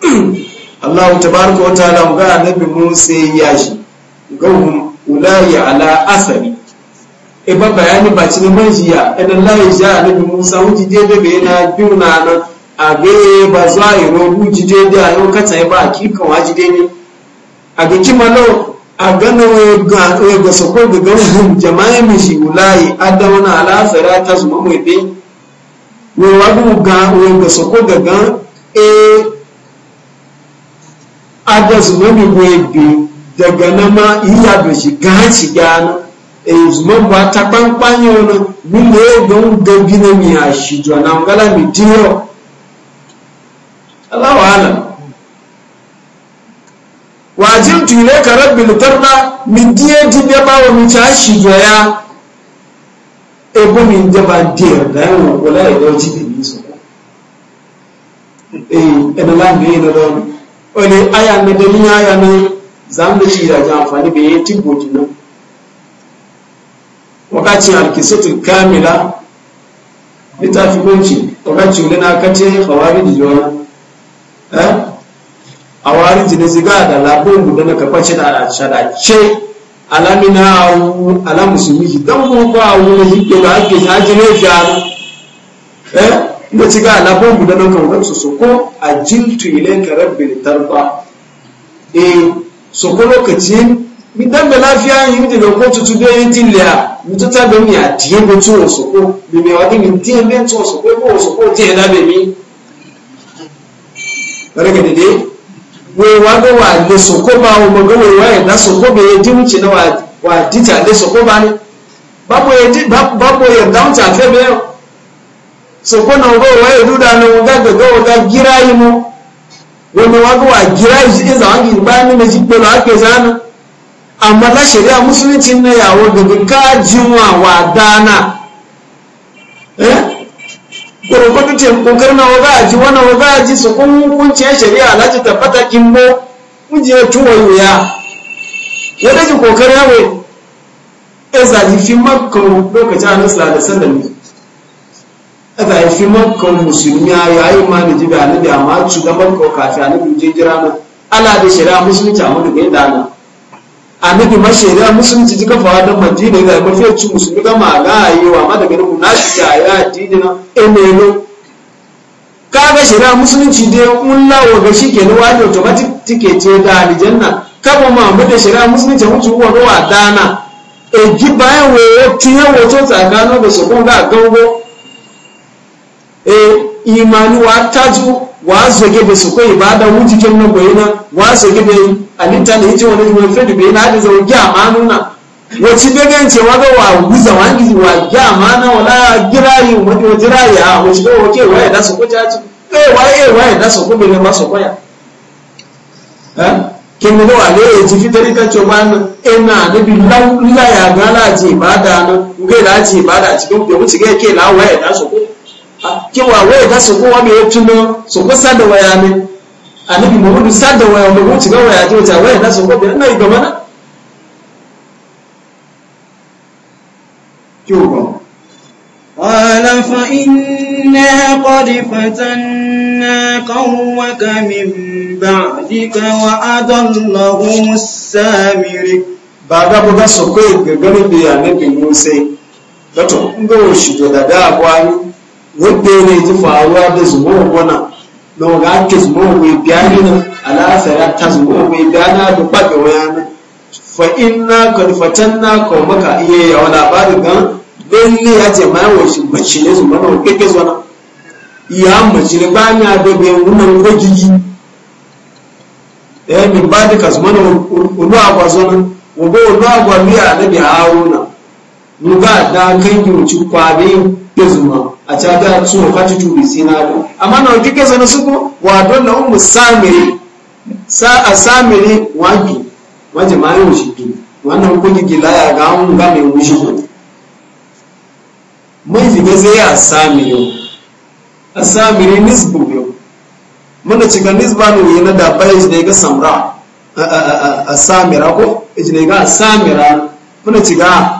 Allah tabaraka wa ta'ala ga annabi Musa ya shi ga ulai ala asari e ba bayani ba cin manjiya idan e la ya annabi Musa wuji da be na biuna na abe ba zai ro wuji dede ayo kata ba hakika waji dede abe kimalo a gana ya ga sako ga gangun jama'a mai shi na ala alasara ta zuma mu ɗin wai wadu ga ya ga sako ga gan e aga zuma mi daga nama iya da gaci gana e ba ta na mun da ya ga mi a shi to na ngala mi tiyo Allah wa wajin tule ka rabbi na mi diye ti be wa mi ta shi to ya e mi da ba diye da yi e do ti bi so eh e da lan ne da don wani aya na dalilin aya na zamu ci da ji amfani da yayin tibbo kinan wakacin alkisatul kamila littafi kunci wakacin lina kace hawari da jona eh a wari jini ziga da labon guda na karface da shadace alamina awu alamusu miji dan mu ba ne hiddo ga eh inda ci ga labon mu da nan kan gamsu so ko ajiltu ilayka rabbil tarba eh so ko lokacin mi dan da lafiya yi mi daga ko tutu da yin tilya mi to ta be mi a tie be to so ko mi me wa mi tie be to so e ko ko so ko tie da be mi bare ke dede we wa go wa le so ko ba o mo go we wa e da so ko be e di mi ci na wa wa di ta le so ko ba ni babo ye di babo ye down ta fe be o sokona ngowo wayeduda nongagaga wagagirayimo wona waga wagirayi iza wangi bani na jikpelo ake zana amma la shari'a musulunci na yawo daga kajinwa wa dana eh gwargwado ce kokarin na waga ji wannan waga ji su kun hukunci ya shari'a alhaji tabbata kimbo kuje tuwa yoya ya daji kokarin yawo ya zaji fi makon lokacin annabi sallallahu alaihi eba ya fi makon musulmi a yi ma da jibi annabi amma shuga kafi a annabi jinjira nan ala da shari'a musulunci a amma da gaida nan annabi ma shari'a musulunci ji kafawa don madina ga mafi yaci musulmi gama ga a yi wa ma daga nan na shi ya yi addini na emelo eh, kaga shari'a musulunci dai kulla wa ga shi ke ni wani automatic ticket da aljanna kama ma mu da shari'a musulunci mutu wa ga wa dana e ji bayan wo tiyan wo to tsagano da su kun ga gango e eh, imanu wa tazu wa zoge be su ko ibada wuji ken no go ina wa zoge be alita ne ji wani mun fedu be ina da zoge amanu na wace begen ce waga wa guza wa ngi wa ya amana wala girayi wani wa jirayi a ah, wace be wake wa da su ko ta e eh, wa e wa da su ko be ma su ko ya eh kin ne wa le ji fitari ka ce ban ina da bi laula ya gala ji ibada no ngai da ibada cikin ko wuce ke ke lawa waye da su ko kíwà wọ́n ìdá sọ̀kọ́ wọ́n mi tún mọ́ sọ̀kọ́ sáàdà wọ̀nyà mi àníbi mọ̀mọ́dù sáàdà wọ̀nyà mọ̀mọ́ tìgbà wọ̀nyà tí ó ti àwọn ìdá sọ̀kọ́ bẹ̀rẹ̀ náà ìgbà mọ́ná. kí o gbọ́n. ọ̀la fún iná kọ́dí fàtánà kọ́wọ́kà mi bá díkà wà ádọ́lọ́hún sáàmìrì. bàbá bó bá sọ̀kọ́ ìgbẹ̀gbẹ́ níbi àníbi mú sí lọ́tọ̀ ń gbọ́ òṣìṣẹ́ dàdá ayé wadda ne ji faruwa da zuwa wana na waga ake zuwa mai biyani na alasara ta zuwa mai biyana da ɓaɓe na fa inna karfatan na kawo maka iya yawa labarin gan lalle ya ce ma yawon shi mace ne zuwa na wakilke zuwa na iya mace ne ba ni ado bai wunan gogigi ya yi ba duka zuwa na wani agwa zuwa na wago wani agwa miya na bi haruna nuga da kan yi wuce kwabe kezuma a caga tsuwa kaci tubi sinabu amma na wakil kesa na suku wadon na umu samiri sa a samiri wagi waje ma yi wuce bi wannan kuji gila ya ga an ga mai wuce ko mai jiga zai a samiri a samiri nisbu mun muna cika nisba ne yi da dabai ne ga samra a samira ko ne ga samira muna cika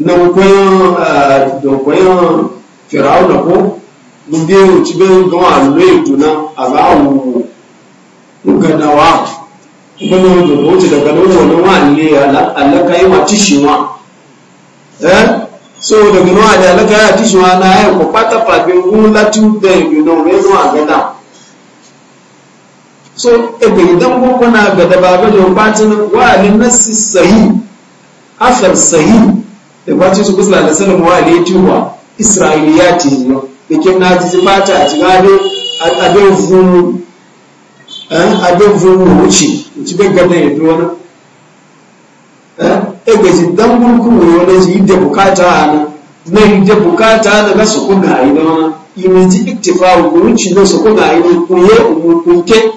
nan koyan eh, da koyan firawo da ko mun biye wuce bayan gawa alwai tuna a za a wuwo gadawa gbanon da wuce da gano wani wani alaka yi wa tishiwa eh so da gano wani alaka yi wa tishiwa na ya yi kwakwata fafin gun latin da yi gano renu a gada so ebe idan gwagwana ga ba babu da wani wa alin nasi sahi asar sahi da bacin su kusa da sanin wa ne tuwa isra'iliya ce yau da ke na ji fata a cikin abin vunu abin vunu eh, wuce ci bai gada ya fi wani e gaji ji dan gurkun ne wani ji yadda bukata a nan na yadda bukata na ga su kuna a idan wani ji iktifawu wuce na su kuna a idan kuye umurkunke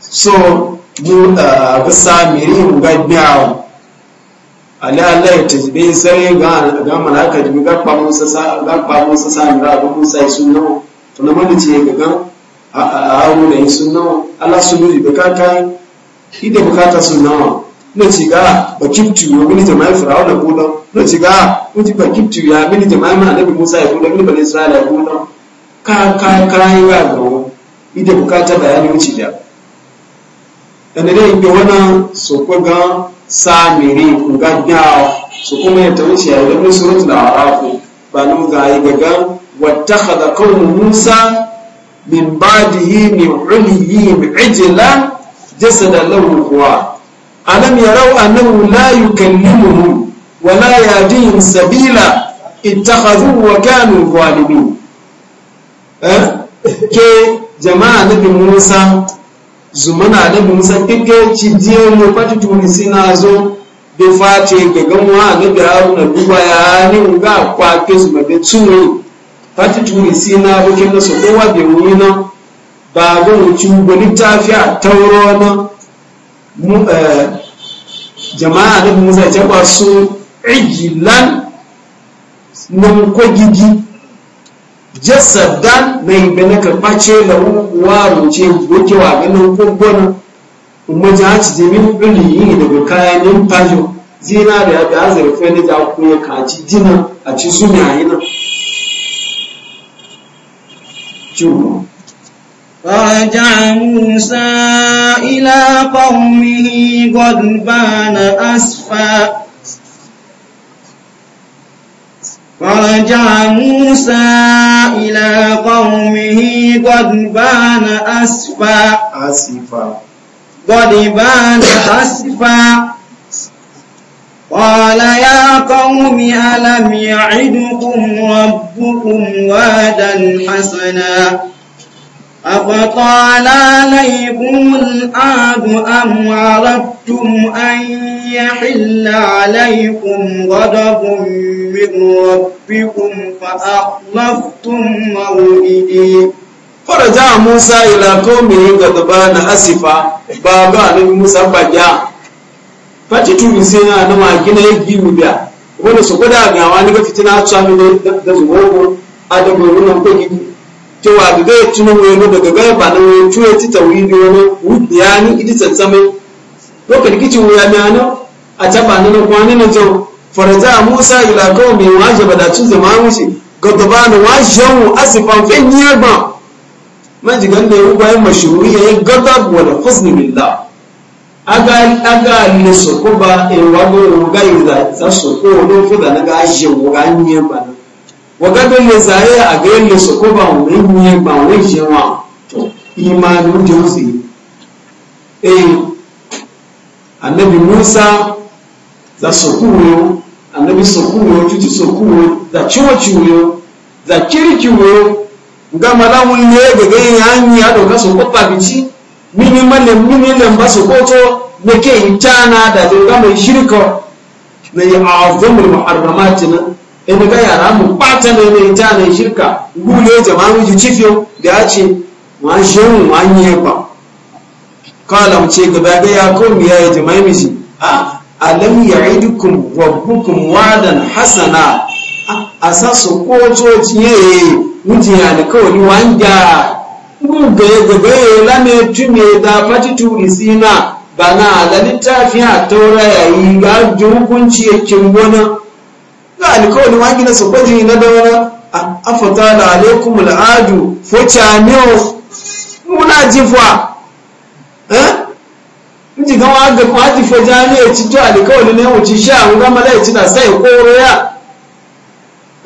so mu a eh, bisa miri mu ga biyawa ale ala yi tajbe sai ga malaka jimi ga kpa musa sa ga musa sa mira ga musa yi sunna to na mun ce ga gan a haru da yi sunna ala sunu yi bukata ida bukata sunna na ci ga bakiptu ya wani jama'i fir'auna kula na ci ga wani bakiptu ya wani jama'i ma annabi musa ya kula wani bani isra'ila ya kula ka ka ka yi wa ga ida bukata bayani wuce da dan dai ga wannan so ko ga samiri ga su kuma ya tauce ya zama suratul arafu ba nu ga yi gaga wattakhadha qawmu musa min yi min uliyyin ijlan jasadan lahu kuwa alam yarau annahu la yukallimuhum wa la yahdihim sabila ittakhadhu wa kanu zalimin eh? ke jama'a nabi musa zumana da mun san kike ci diye mu fati tuni na zo da fati ga ganwa ga garu na duba ya ni ga kwa ke zuma da tsuni fati tunisi na buke na so wa be mu na ba ga mu ci go a tauro na mu jama'a da mun sai ta su ijilan nan ko gigi jasar dan na yi bane karɓa ce da uwa ce goke wa ganin gwaggwani kuma ji haci jimin ɗuli yi daga kayan yin tajo zinariya da azurfe da jakun ya kaci jina a ci zumi a yana فرجع موسى إلى قومه غضبان أسفا فرجع موسى إلى قومه بان أسفا أسفا بان أسفا قال يا قوم ألم يعدكم ربكم وادا حسنا أفطال عليكم العهد أم عرفتم أن يحل عليكم غضب من ربكم فأخلفتم موعدي فرجع موسى إلى قومه غضبان أسفا بابا نبي موسى بجا فتتوني سينا نما جنا يجيو بيا wani su guda ga wani ga fitina a tsamin da zuwa ko adamu wannan ko gidi ke wa ga gaya tuni wani daga gaya ba na wani tuye ti tawhidi wani Ya ni idi tsantsame lokacin kicin wuya mai hana a taba na na kwani na jau faraja musa ila kawo mai waje ba da tun zama wuce. ga gaba na wajen mu asifan fen yi ba majigan da ya ruba yin mashuri ya yi gada wa da husni billah aga ne soko ba e wago ruga yi za soko wani fuda na ga ajiyar wuga yi ba na wakati le zaye again le soko ba wo ewu ye ba wo je wa to imanu je eh anabi musa za soko wo anabi soko wo tuti soko wo za chiwo chiwo za kiri chiwo nga malamu ne ga ga yanyi ado ka soko pa bici mini male mini le mba soko to ne ke intana da ga mai shirka na ya azamul muharramatina ina ga yara mu bata ne ne ta ne shirka gule jama'u ji cifiyo da ya ce wa shehu wa yi ba kala mu ce gaba ga ya ko mi yayi jama'i miji a alam ya'idukum rabbukum wadan hasana a sa su ko coci ne mutum ya da kawai wanda gube gube lame tume da fatitu isina bana da littafin a taura yayi ga hukunci yakin gona alkawali wangi na sokoji na a afata da alaikum al'adu focha niyo muna jifwa eh nji ga wa ga kwa jifwa jani e ci to alkawali ne wuce ci sha mu ga mala e ci da sai e koro ya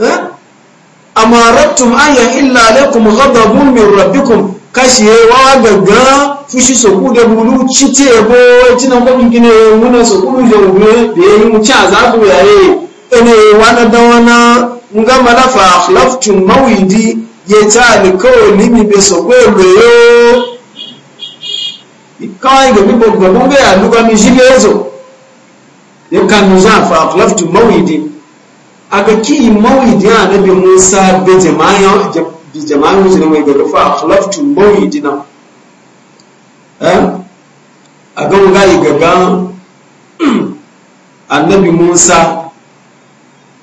eh amartum an yahilla alaikum ghadabun min rabbikum kashi e wa gaga fushi soku da bulu ci tebo e tinan ko bigine muna soku da bulu da yayi mu ci azabu yayi ene wala da wana nga mala fa akhlaftu mawidi ye ko ni mi be so gbe loyo ikai bi mi kan za fa akhlaftu mawidi aga ki mawidi anabi musa be jama'a bi jama'a mu ne mai ga fa akhlaftu mawidi na eh aga ga annabi musa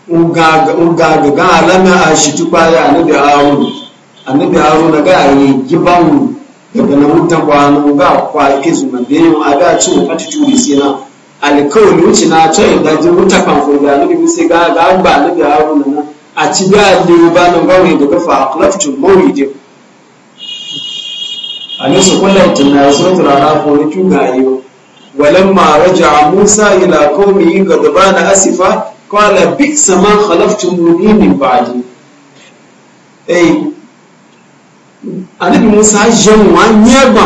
ugaga ga alama a shi tuba ya annabi harun annabi na ga yi giban daga na mutan kwanu ga kwa izu na biyu a ga ci wa fati turi sina alkawali wuce na ta yi dajin mutan kwanu ga annabi sai ga ga ba annabi harun na a ci ga lewu ba nan gawai daga fa aklaftu mawidi annabi su kullum tunai suratul alaq ko ni tuga yi walamma raja'a musa ila qaumihi gadbana asifa قال بئس ما خلفتموني من بعدي اي annabi musa yan wa nyaba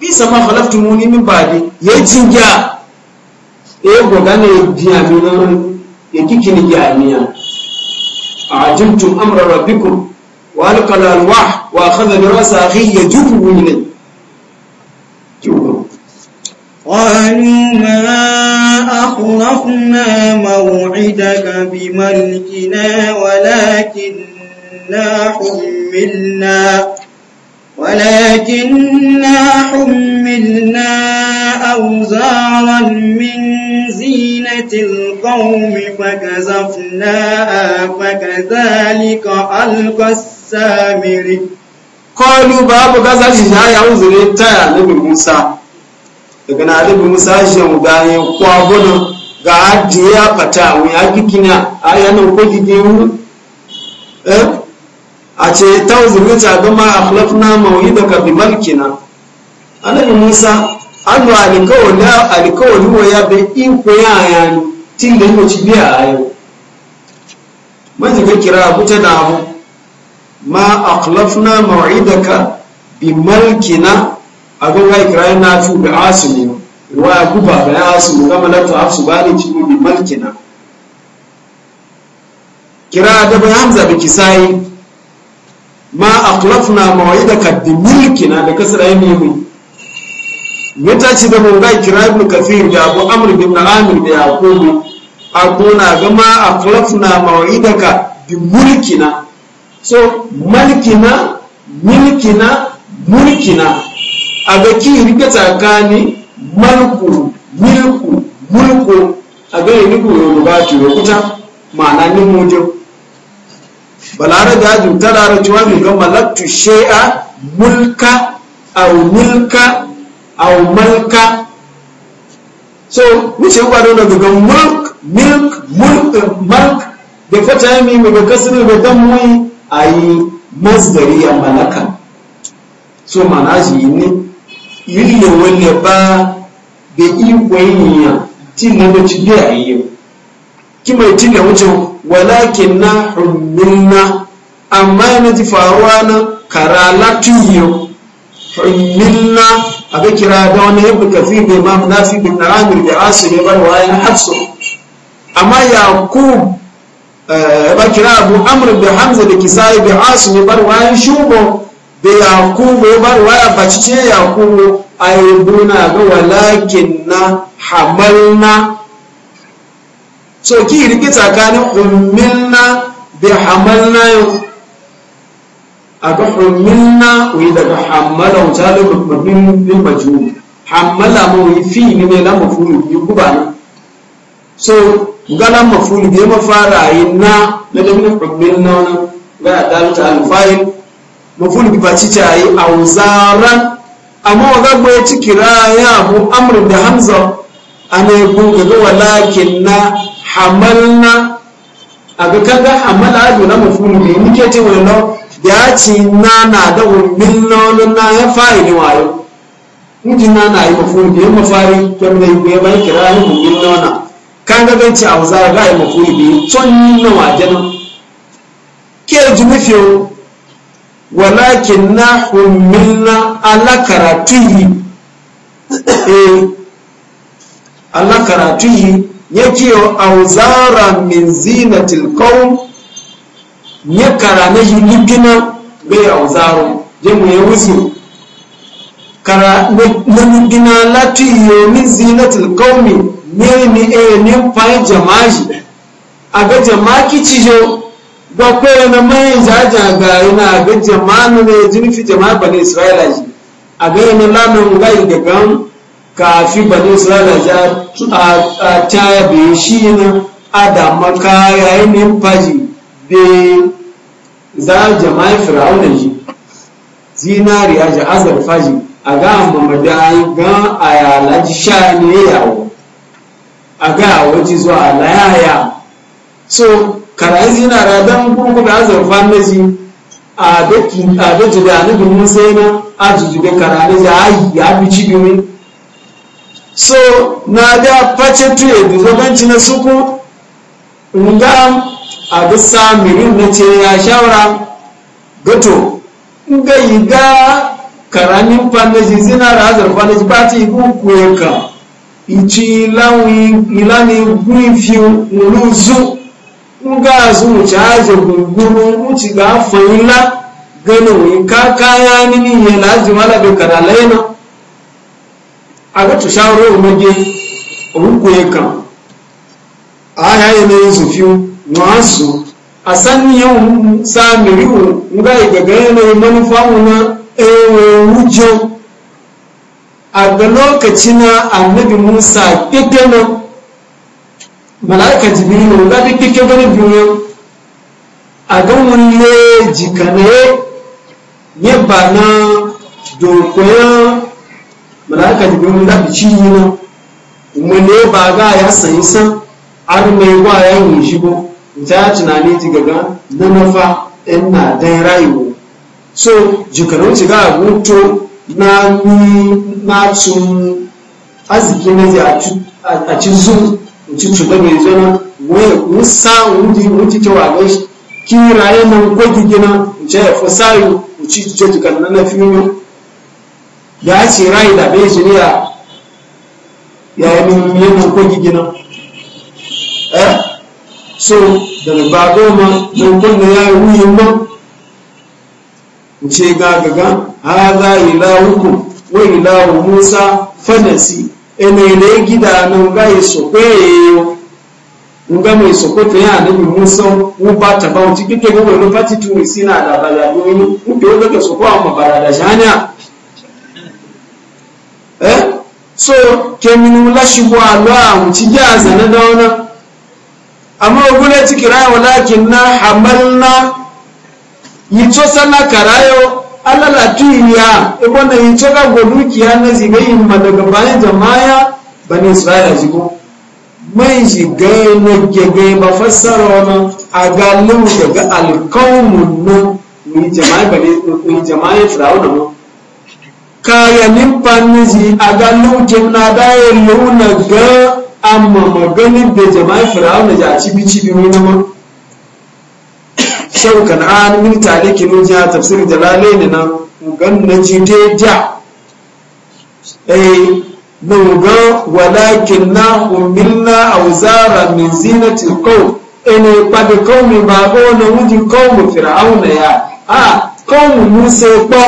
bisa ma khalaftu muni min badi ya jinja e go gane biya mi nan ya kiki ni ya aniya ajibtum amra wa alqala قالوا ما أخرقنا موعدك بملكنا ولكننا حملنا ولكننا حملنا أوزارا من زينة القوم فكذفناها فكذلك ألقى السامري قالوا باب غزل جنايا وزني تايا نبي موسى daga na alibu musashen ganye kwabunan ga ajiye ya fata wani ya kikina a yanar ko gigin eh? a ce ta ta gama a halafna mawuyi da kabi malkina annabi musa an da alikawali alikawali ya bai iko a yanu tun da yiwa ci biya a yau man ga kira abu ta damu ma da ka bi malkina abin ga ikirarin na fi bi asimi riwaya kufa da ya asimi gama na ta hafsu ba ne cikin bi malkina kira da bai hamza bi kisayi ma aqlafna mawidaka bi milkina da kasra ne mu mata ci da mun ga ikirarin ibn kafir da abu amr ibn amir da ya komi yaqubu akuna gama aqlafna mawidaka bi mulkina so malkina milkina mulkina a ga ki rike tsakani malku milku mulku a ga yi nuku yau ba ki lokuta ma'ana ni mujo balare da ajin talara cewa mai ga malaktu shay'a mulka aw mulka aw malka so wuce kwado daga ga mulk milk mulk mulk da fata yi mai ga kasar da dan mu ayi masdari a malaka so ma'ana shi ne yille wani ba da ikon yiya tilla mace biya yi ki mai tilla wucin walakin na hulminna amma yana ji faruwa na karalatun yau hulminna a ga kira da wani yabin kafi bai ma na amir da asu ne bar wayan hafsu amma yakub ba kira abu amr da hamza da kisayi da asu ne bar wayan shubo da yakubu ba bari waya ce yakubu aibuna ga walakin na hamalna so ki rike tsakanin umminna bi hamalna yau Aka ga wai daga hamala wuta da mabin majmu hamala ma wai fi ne mai lamu fulu yi guba ne. so gala mafulu bi mafara yi na na da min ummilna wani ga dalta ta mafulu bi baci tayi auzaran amma wa gagbo ya ci kiraya mu amr da hamza ana yi gunga ga walakin na hamalna a ga kaga hamala ajo na mafulu bi ni ke ce wani lau ya ci na na da wumbin launin na ya fari ne wayo mujin na na yi mafulu bi ya mafari kyan da yi ya bayan kiraya wumbin launa kan ga ganci a wazara ga yi mafulu bi tun yi na wajenan ke ji mafi walakin na humilna alakaratuhi eh, alakaratuhi yake auzara min zinatil qawm nye karana hilibina be auzaro je mu yewusu kara na libina lati yo min zinatil qawm ne ni e ni fa jamaaji aga ki cijo bakwai na mai jaja ga yana ga jama'a ne jini fi jama'a bani isra'ila ji a ga yana lamun gai ga gan kafi bani isra'ila ji a caya bai shi na adama kaya ne faji bai za jama'a fir'auna ji zinariya ji azar faji a ga gan ga yala ji sha ne yawo a ga waje zuwa layaya so karayin zinara don kurkuku a zarfa na ji a doki da ni domin sai na ajiji da karayin ji a yi ya fi ci domin so na da face tuye da zabanci na suku nga a bisa mirin na ce ya shawara gato nga yi ga karamin fanaji zinara zarfa na ji ba ta yi kukuwa ka ichi ilani gwifi uluzu nga zu aje gurguru uchi ga faila gano in ka kaya ni ni ya laji mala be kana lena aga to shawro umoje obuku yeka aya ya yin su fiu wasu asan yau samiri nga ga ga ne manufa una ewe wujo a ga lokacin annabi Musa kekeno malaka jibrilu ga bi kike bani biyo a ga wunle jikane ye ba na dokoya malaka jibrilu ga bi ci yi na umune ba ga ya sayi san har mai wa ya yi shi ko ta tunani ji gaga na nafa na dan rayuwa so jikarun ci ga guto na ni na tun arziki na ji a ci zuwa mutum shi bane zana waya musa wuji wuji ta wa gashi kira yana gwaji gina ce ya fasayu uci ce ta kan na ya ce rai da bai ya yi min yana gwaji gina eh so daga ba goma don kunna ya yi wuyin ba ce ga gaga ha za ilahukum wa ilahu musa fanasi enele gida na nga esokwe eyo nga mu isoko fe ya nabi musa wuba taba uti kike gogo lo fati tu isina da bala yoyi ubi oga ke soko amma bala da janya eh so keminu la shibwa la mutijaza na dauna amma ogule tikira walakin na hamalna yito sana karayo Allah latiniya ibon na yin cika ga dukiya na zigayin ma daga bayan jama'a bani isra'ila jiko. mai shiga na gege ba fassara wani a galin daga alkawun nan ni jama'a bani ni jama'a fir'auna mu kayanin fannizi a galin kimna daya nuna ga amma maganin da jama'a firawuna ya cibi cibi wani ma shehu kan'an min taliki min jiha tafsir ne na ugan na jide ja eh na ugan walakin na umilna auzara min zinati qaw ene pade qawmi babo na wuji qawmu fir'auna ya a qawmu musa po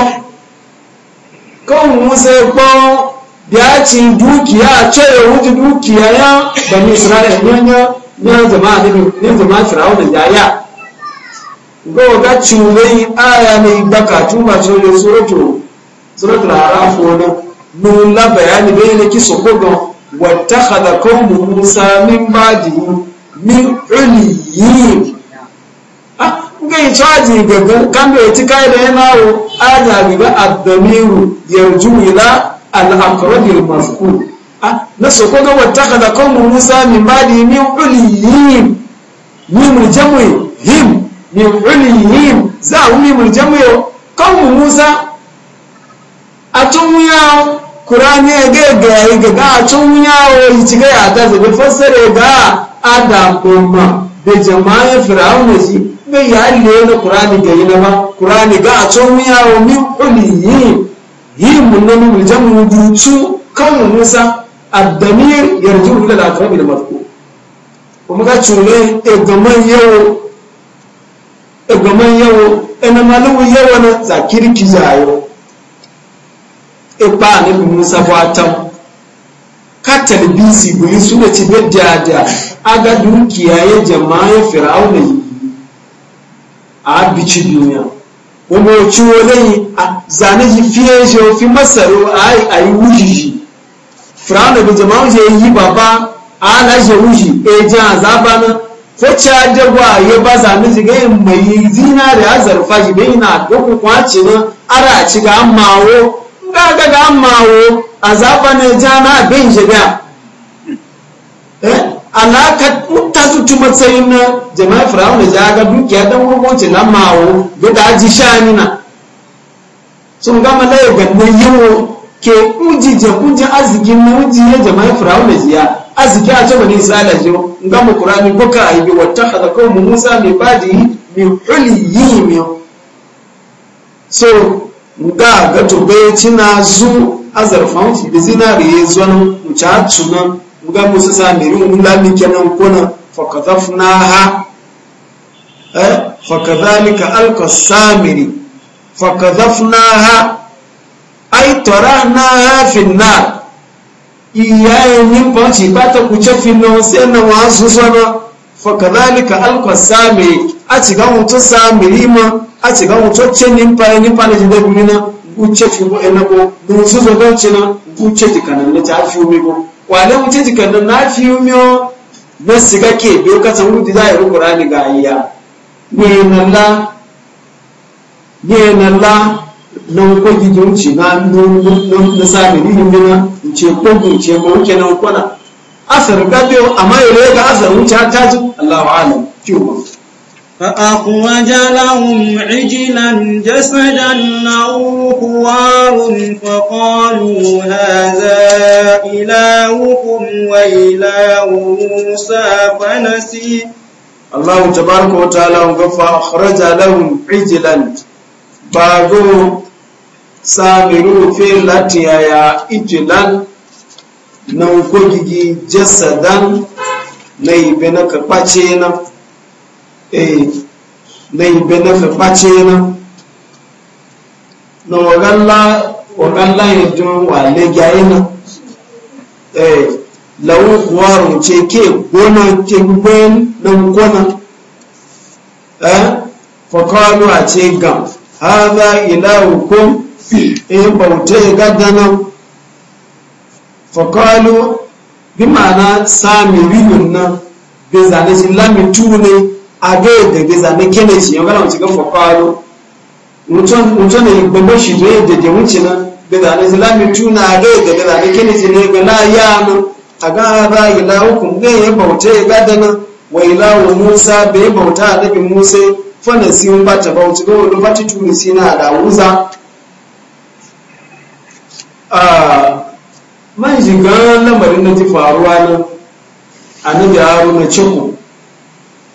qawmu musa po biya ci dukiya ce wuji dukiya ya bani isra'ila ya ya jama'a ne jama'a fir'auna ya ya ga ga cunai aya ne baka tuma cunai suratu suratu al-araf wannan nun la bayani bayne ki sokogo wattakhadha qawmu musa min ba'di ni uliyin ah ga yaji gaga kan da ti kai da yana wo aja bi ba ad jumila ila al-aqrab al-mazkur ah na sokogo wattakhadha sami musa min ba'di min uliyin mu jamu him min ulihim za a wuni kan mu musa a tun yawo kurani ya ga gayi ga ga a tun yawo yi ci ga ya ta zabi fassare ga ada kuma da jama'a fir'auna shi bai ya halle na kurani ga yi na ba kurani ga a tun yawo min ulihim yi mun na min murjamiyo dutu mu musa addamir yarju da al-akrabi al-mafqud kuma ga cire e gaman yau egoman yawo ena malugu yawo na za kirki zayo ipa ne bi musa bwatam ka talbisi guli suna ci bedda aga dukiya ya jama'a fir'auna yi a bici duniya wanda ya ci wani a zane ji fiye shi fi masaro a yi wujiji fir'auna da jama'a ya yi baba a lashe wuji e jan zaba na ko jagwa ya ba zane jiga mai zina da azarfa shi bai na duk kwaci na ara ci ga mawo ga ga ga mawo azaba ne jana bin shiga eh alaka mutta su tu matsayin na jama'a firawun da jaga dukiya don hukunci na mawo ga da ji shani na sun gama laye gannan yawo ke uji je kujin arzikin na wujiyar jama'a firawun da aziki a ce bani sala jo nga mu qur'ani boka ayi wata hada ko mu musa mi badi mi huliyim so nga ga to be tina zu azarfan fi bizina riye zuwan mu cha tuna nga musa sa mi ru mu lami kenan kona fakadhafnaha eh fakadhalika alqa samiri fakadhafnaha ay tarahnaha fi an-nar iyaye nimbanci ba ta kuce finna sai na wasu sana fa kadhalika sami a ciga sami rima a ciga mutu ce nimfa nimfa ne da na guce fi ko ina ko dun su zo na guce ti na ta fi ko guce kanan na fi o na siga ke ka yi ga iya la na la naukwaji jin ci na na sami ilimin gina in ce kogin ce ma wuce na kwana asar ka biyo a mai rai ga asar wuce ta ji Allahu alam kiyo ba fa aqwa jalahum ijlan jasadan nauhu wa fa qalu ila ilahukum wa ilahu musa fa nasi Allahu tabaraka wa taala wa ghafara lahum ba bago sabiru fi latiyaya itilan na kogigi jasadan na ibe na kakpace na eh na ibe na kakpace na na wagalla ya jun wa legya yana eh lawu waru runce ke gona ke gwen nan gona eh fakalu a ce gam haza ilahukum e bauta ya gaggana fakalo bi ma'ana sami rinin nan bai zane shi lamitu ne a bai da bai zane kene shi yau gana wuce ga fakalo mutum ne gbogbo shi zai da da wuce nan bai zane shi lamitu na a bai da bai zane kene shi ne ga la ya nan a ga ra ila hukum ga ya bauta ya gaggana wa ila wa musa bai bauta a nabi musa fana sin bata bauta ga wani bata tuni na da wuza man shiga lamarin na ti faruwa a na da yaro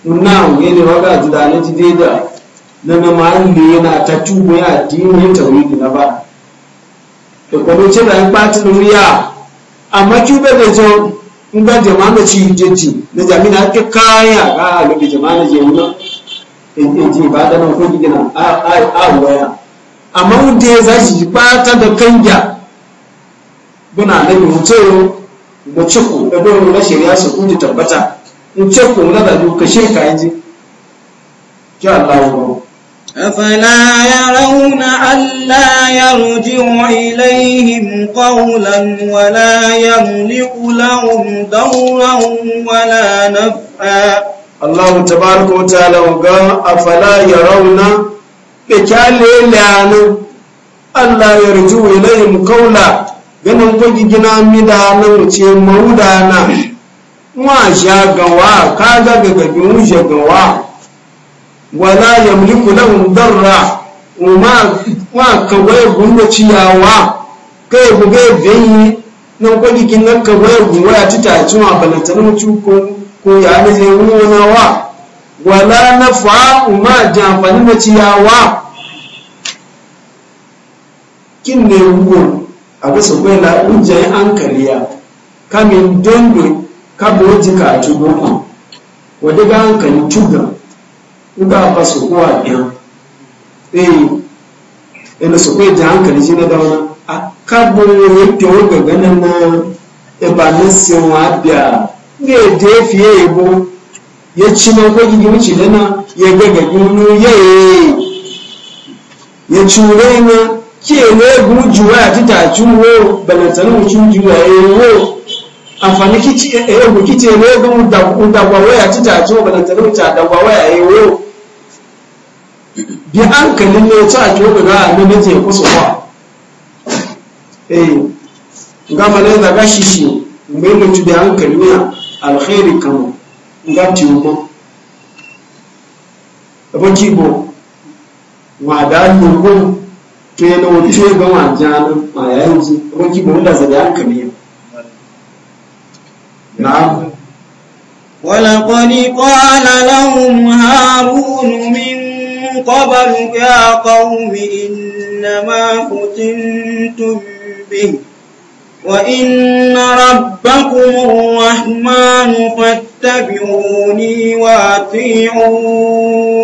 na wani waga jida na ji da na na ma'alli yana ta tuba ya dini tawhidi na ba da kwado ce da ya ɓata riya amma kibe da jan in ba jama'a na ci jeji na jami'a ake kaya ga alaƙa jama'a na jami'a na ji ba da nan ko gina a waya amma wanda ya zashi kpata da kanja kuna nabi mu da ku da don na shari'a su kuji tabbata in ku na da duka shi ka yanzu ki Allah ya afala yarawna alla yarji'u ilaihim qawlan wa la yamliku lahum dawran wa la naf'a Allah tabaraka wa ta'ala ga afala yarawna bi kyalelanu Allah ilaihim ganin fagi gina mida na wuce mauda na wa sha gawa ka ga ga gabi sha gawa wala yamliku lahum darra uma wa ka waye gumba ciyawa kai ku ga bayi nan fagi gina ka waye ya tita cewa balanta na mutu ko ya ne wona wa wala nafa uma jamfani na ciyawa kin ne wuwa abu su kwai na unjayin hankali ya kamin dondo kabo jika a tubo wadda ga hankali tuga uga ba su kuwa biyan eh ina su kwai ji hankali shi na dauna a kabo yake wuga ganin na ibanisiyan wa biya ga yadda fiye yabo ya ci na kwa gigi wuce dana ya gaga ya cure na kíyèwé egun jùwé àtijọ́ àjúwó bẹ̀lẹ̀tẹ̀lú jùwé ewó àǹfààní egun kíyèwé egun dàgbàwé àtijọ́ àjúwó bẹ̀lẹ̀tẹ̀lú àdàgbàwé ewó bí an kàlí ní ẹ̀tọ́ àjúwó bẹ̀rẹ̀ àmì méjì ẹ̀kú sọ̀wọ́ ee nga mana yana mgbe mutu da hankali ne alkhairi kan nga tiwo abin kibo ma da hannun to yadda wani shi ga ma jan nan ma ya yi wasu kuma ki bari da zai ya kame ya na walakoni kwabar ya kawo mi inna ma hutun tumbi wa inna rabbaku rahmanu fattabi'uni wa tiyo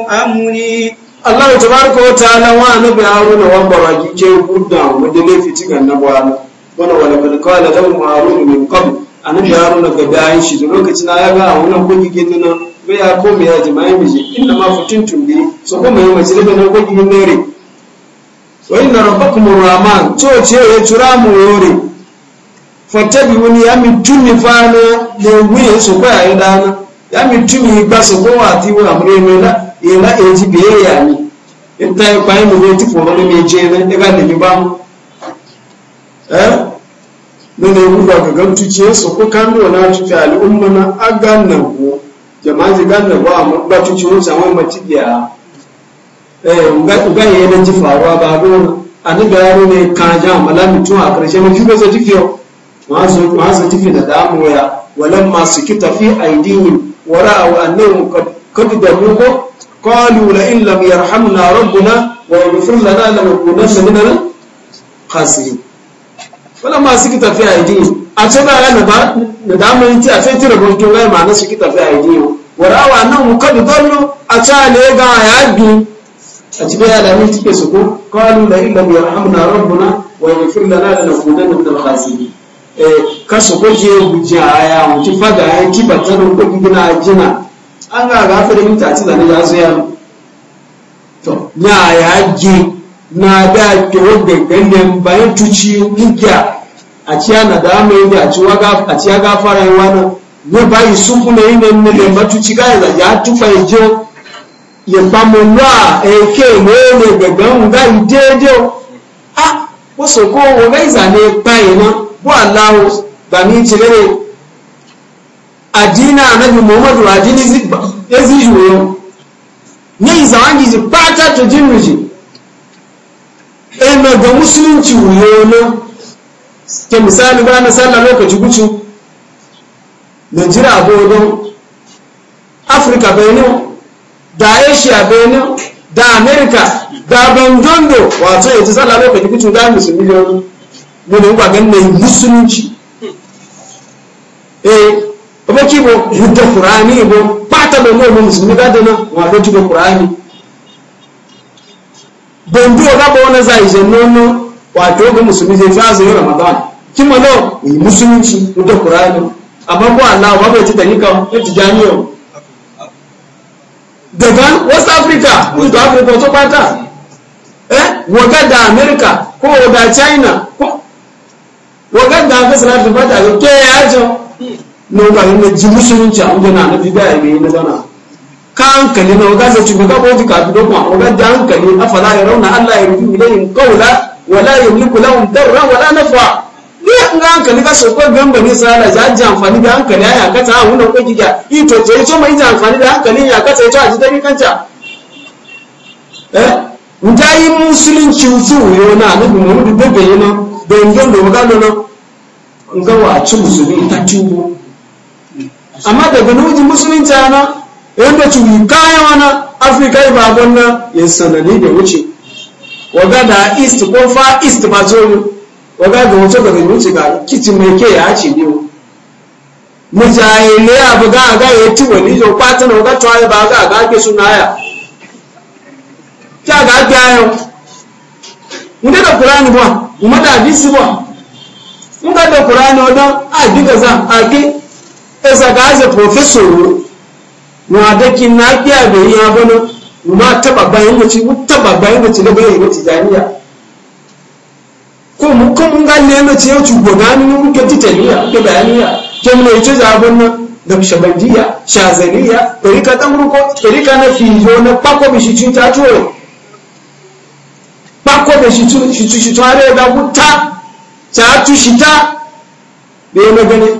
amuni Allah tabaraka wa ta'ala wa annabi Harun wa baraki ke gudda mu da laifi cikin na bwana wala wala kad qala lahum Harun min qabl annabi Harun ga dai shi da lokacin ya ga wannan kuki gidan nan bai ya ko me ya mai miji inda ma futintum ne so kuma mai mace da nan kuki gidan ne wa inna rabbakum rahman to ce ya tura mu yore fatabi wani ya mi tumi fana da wuye so ko ayi dana ya mi tumi ba so ko wa ti wa amre na ila eh, e ji biyayya ne in ta yi kwayi mu zai tufo wani mai je nan ɗaga eh, da ni ba mu eh? na ne mu ba ga gamtuce su ko kan da na tufi al'umma na aganna ko jama'a ji ganna ba amma ba tuce wani samun mace biya eh ga yi da ji faruwa ba gona ani da yaro ne kan ja mala mutum a ƙarshe mafi ba zai tufi yau ma su tufi da damuwa walan masu kita fi aidihim wara a wannan kadu da قالوا لئن لم يرحمنا ربنا ويغفر لنا لنكونن من الخاسرين فلما سكت في أيديهم أتبع أنا ندام أنت أفيت ربك الله ما نسكت في أيديهم ورأوا أنهم قد ضلوا أتعالى يعدوا أتبع أنا من تكسكوا قالوا لئن لم يرحمنا ربنا ويغفر لنا لنكونن من الخاسرين kasu kwaje guji a aya mutu faga ya kiba tarin kudi gina jina an ga gafe da mutaci da na su yaro to ya yage na da ke wanda ganyen bayan tuci hujja a ciya na da mai da ci waga a ciya gafara yi wani ne bayi sun kuna yi ne ne da matuci ga ya ya tufa ya je ya bamu na eke ne ne gaggan ga idejo a ah, wasu ko wa ga izane bayi na bu allahu ba ni ci gane adini anabi muhammadu adini zigba ezijuyo nyeiza wangiji pata tojinuji eno ga musulunci wuyono ke misali bana sallah lokaci gucu najira agogon afirka benin da asia benin da amerika da bandondo wato ya e ji sallah lokaci gucu da musulmi yau ne ne kwa ganin musulunci eh ọmọ kí bo yúdẹ kùránì ìbò pátánà náà mọ mùsùlùmí dáadé náà wọn àdójú bọ kùránì gbòǹdó ọgábọ wọn náà ìṣẹ nínú wọn àdójú mùsùlùmí ṣe fi àṣẹ ramadan kí mo náà èyí mùsùlùmí ṣi yúdẹ kùránì àbábọ àlá wọn bẹ ti tẹ̀lé kan ó west africa ìtò africa tó pátá ẹ wọ́n gàdá america ko wọ́n china wọ́n gàdá fẹsẹ̀ láti pátá kí ẹ ke yajo. lokacin da ji musulunci an gana na bibiya ya mai na bana ka hankali na waga zai cikin gaba wafi kafin dokuma waga da hankali a fala ya rauna allah ya rufi ilayin kaula wala ya mulku lahun darra wala na fa. ni an ga hankali ka so kwan gamba ne sa ala zaji amfani da hankali a ya kata a wunan kwan giga ito ce ito mai ita amfani da hankali ya kata ito a ji dami kanta eh ntayi musulunci su yo na nabi muhammadu bebe yana don gando waga lona nga wa ci musulmi ta tubo amma daga namiji musulunci na yadda cuyi kayan wani afirka yi babon nan ya sanani da wuce waga da east ko fa east ba zo waga ga wato wuce ga kici mai ke ya ce ne mujahile abu ga ga ya ti wani jo kwatan waga to ya ba ga ga ke suna ya kya ga ga yo mun da qur'ani ba mun da hadisi ba mun da qur'ani odan a diga za a ke esa gaza profesoro na dakin na kiya bai ya bana ma taba bayan mace mu taba bayan mace da bayan mace jami'a ko mu ko mun na ne yau ya tugo gani mun ga titaniya ga bayaniya ke mun yace a nan da shabandiya shazaniya ruko tamruko tarika na fijo na pako bishi cin ta tuwo pako bishi cin shi shi tare da gutta ta tu shita da yana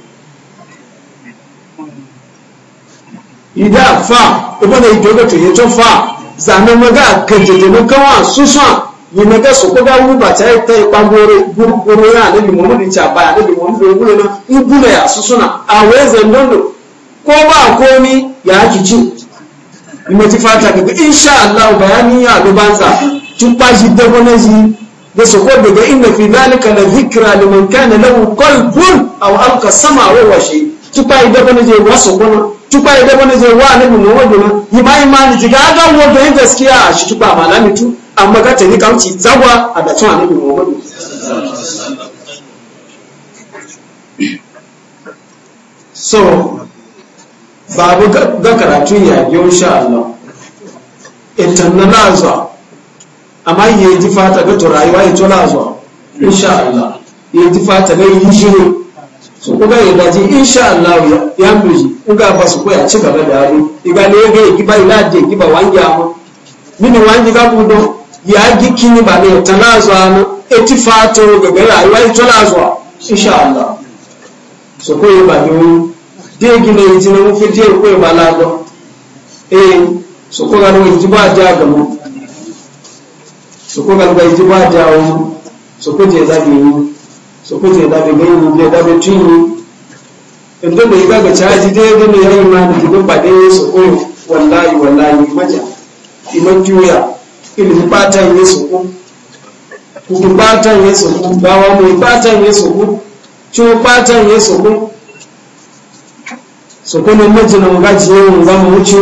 ida fa ibana ijoga to yeto fa zana maga kanjede no kawa susa yi maga so ko ga wu ba ta ta ipagoro guruguru ya ne bi mumu cha ba ne bi mumu gure na ibuna ya susuna aweze ndondo ko ba komi ya kici imeti fata daga insha Allah bayani ya dubanza tupa na shi da su ko daga inna fi zalika la dhikra liman kana lahu qalbun aw alqa sama wa huwa shay tupa dago na je wasu tukpa ida bane zai wa annabi Muhammadu ma yi ma imani ji ga ga wo da gaskiya shi tukpa ma na mitu amma ga tani kauci zagwa a da tun annabi Muhammadu so babu ga karatu ya yau sha Allah intanna na zuwa amma yi ji fata ga to rayuwa ya to na zuwa insha Allah yi ji fata ga yi shiru su kuga ya gaji insha Allah ya miji kuga ba su koya ci gaba da hali iga ne ga ki ba ila je ki ba wanja mu mini wanji ga budo ya gi kini ba ne tanazo anu etifato ga ga rayuwa tanazo insha Allah su koyi ba ne de gina yi jina mu fije koyi ba la do eh su koga no yi ba ja ga mu su koga no yi ba ja mu su ko je zabi mu so da bi gani ne da bi tini in don da yi ga caji da don ne yayin ma da gidan ba dai so ko wallahi wallahi maja iman juya ilmi batan yesu ko ku batan yesu ko bawa mu batan yesu ko ci batan yesu ko so ko ne maji na gaji yau ba mu wuce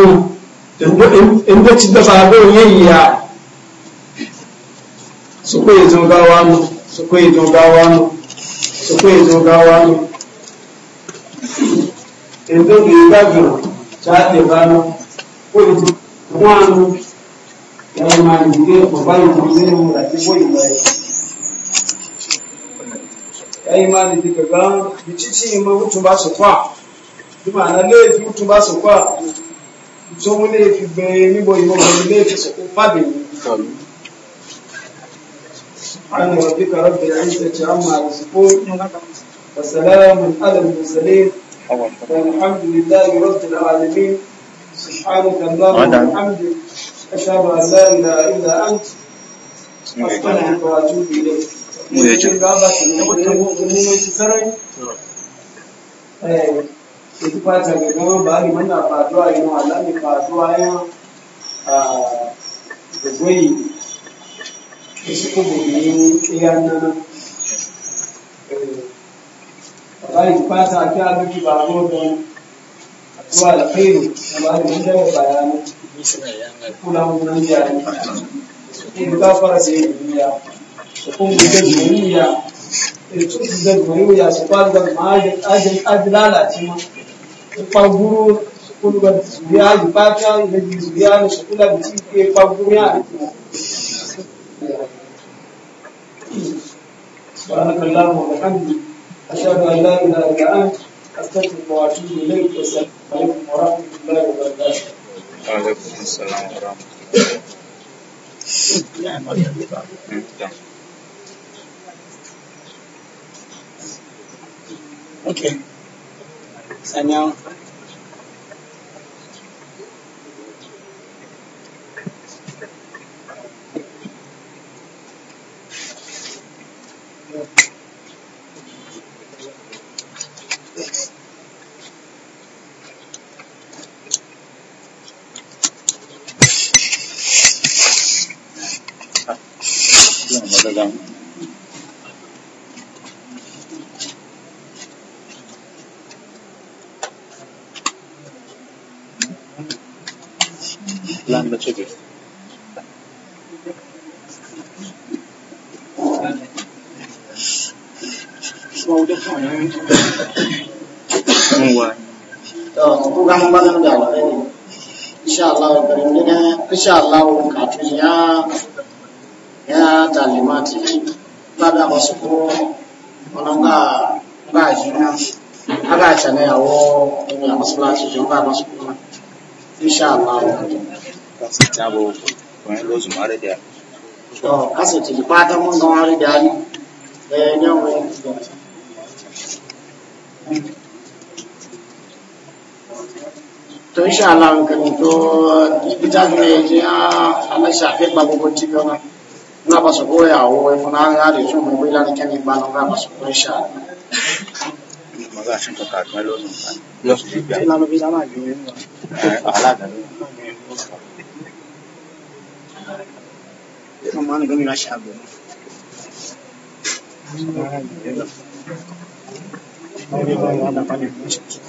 in da ci da ba go yayya so ko yi zo gawa mu so ko yi zo gawa mu su kai zo gawa ne yanzu ya gagara gano ko da ya yi ma ne babban yanzu ke ya yi ma ne daga gano ma mutum ba su kwa duma na laifi mutum ba su kwa mutum laifi bai yi mibo yi mawa laifi su kuma bai yi سبحان ربك رب العزة عما يصفون وسلام على المرسلين والحمد لله رب العالمين سبحانك اللهم وبحمدك أشهد أن لا إله إلا أنت أستغفرك وأتوب إليك. Ita fata ga gama ba ni mana faduwa ìṣẹ́kù bèbè ní ẹ̀yà nánà. Bàbá yìí yi kí a lójú bàbá ọdún àtúwà àlàfẹ́rù bàbá yìí ń dẹ́rẹ̀ bàyá ní kúlà ń wọ́n yà fara sí ìlú ya, òkú mi dẹ̀ mọ̀ ní ya, ètò ti dẹ̀ mọ̀ ní ya, sọ̀kọ́ àgbà mọ̀ ájìlálà tí wọ́n. Ipa gúrú sọ̀kọ́ lùgbà zùrí àyíká tí wọ́n ilẹ̀ zùrí kula sọ̀kọ́ lùgbà tí سبحانك اللهم وبحمدك أشهد أن لا إله إلا أنت أستغفرك وأتوب إليك والسلام عليكم ورحمة الله وبركاته. وعليكم السلام ورحمة الله. Okay. insha Allah ya ya talimati bada wasu ko wannan ga ba jina haka sana yawo ya masallaci jin ba masu kuma insha Allah kasu tabo wani lozu mare da to kasu tili fatan mun ga da ni eh ne insha Allah karanto littafin da yake a na shafe babu gwanci gama na ba su goya wa wai funa an yare su mai wila da kyanin ba na ba su goya sha maza shi ka kakar lonin ba su ji biya na bi dama biyu ne ba ala da ne kuma an gami na shi abu ne Thank you.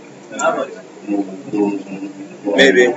Maybe.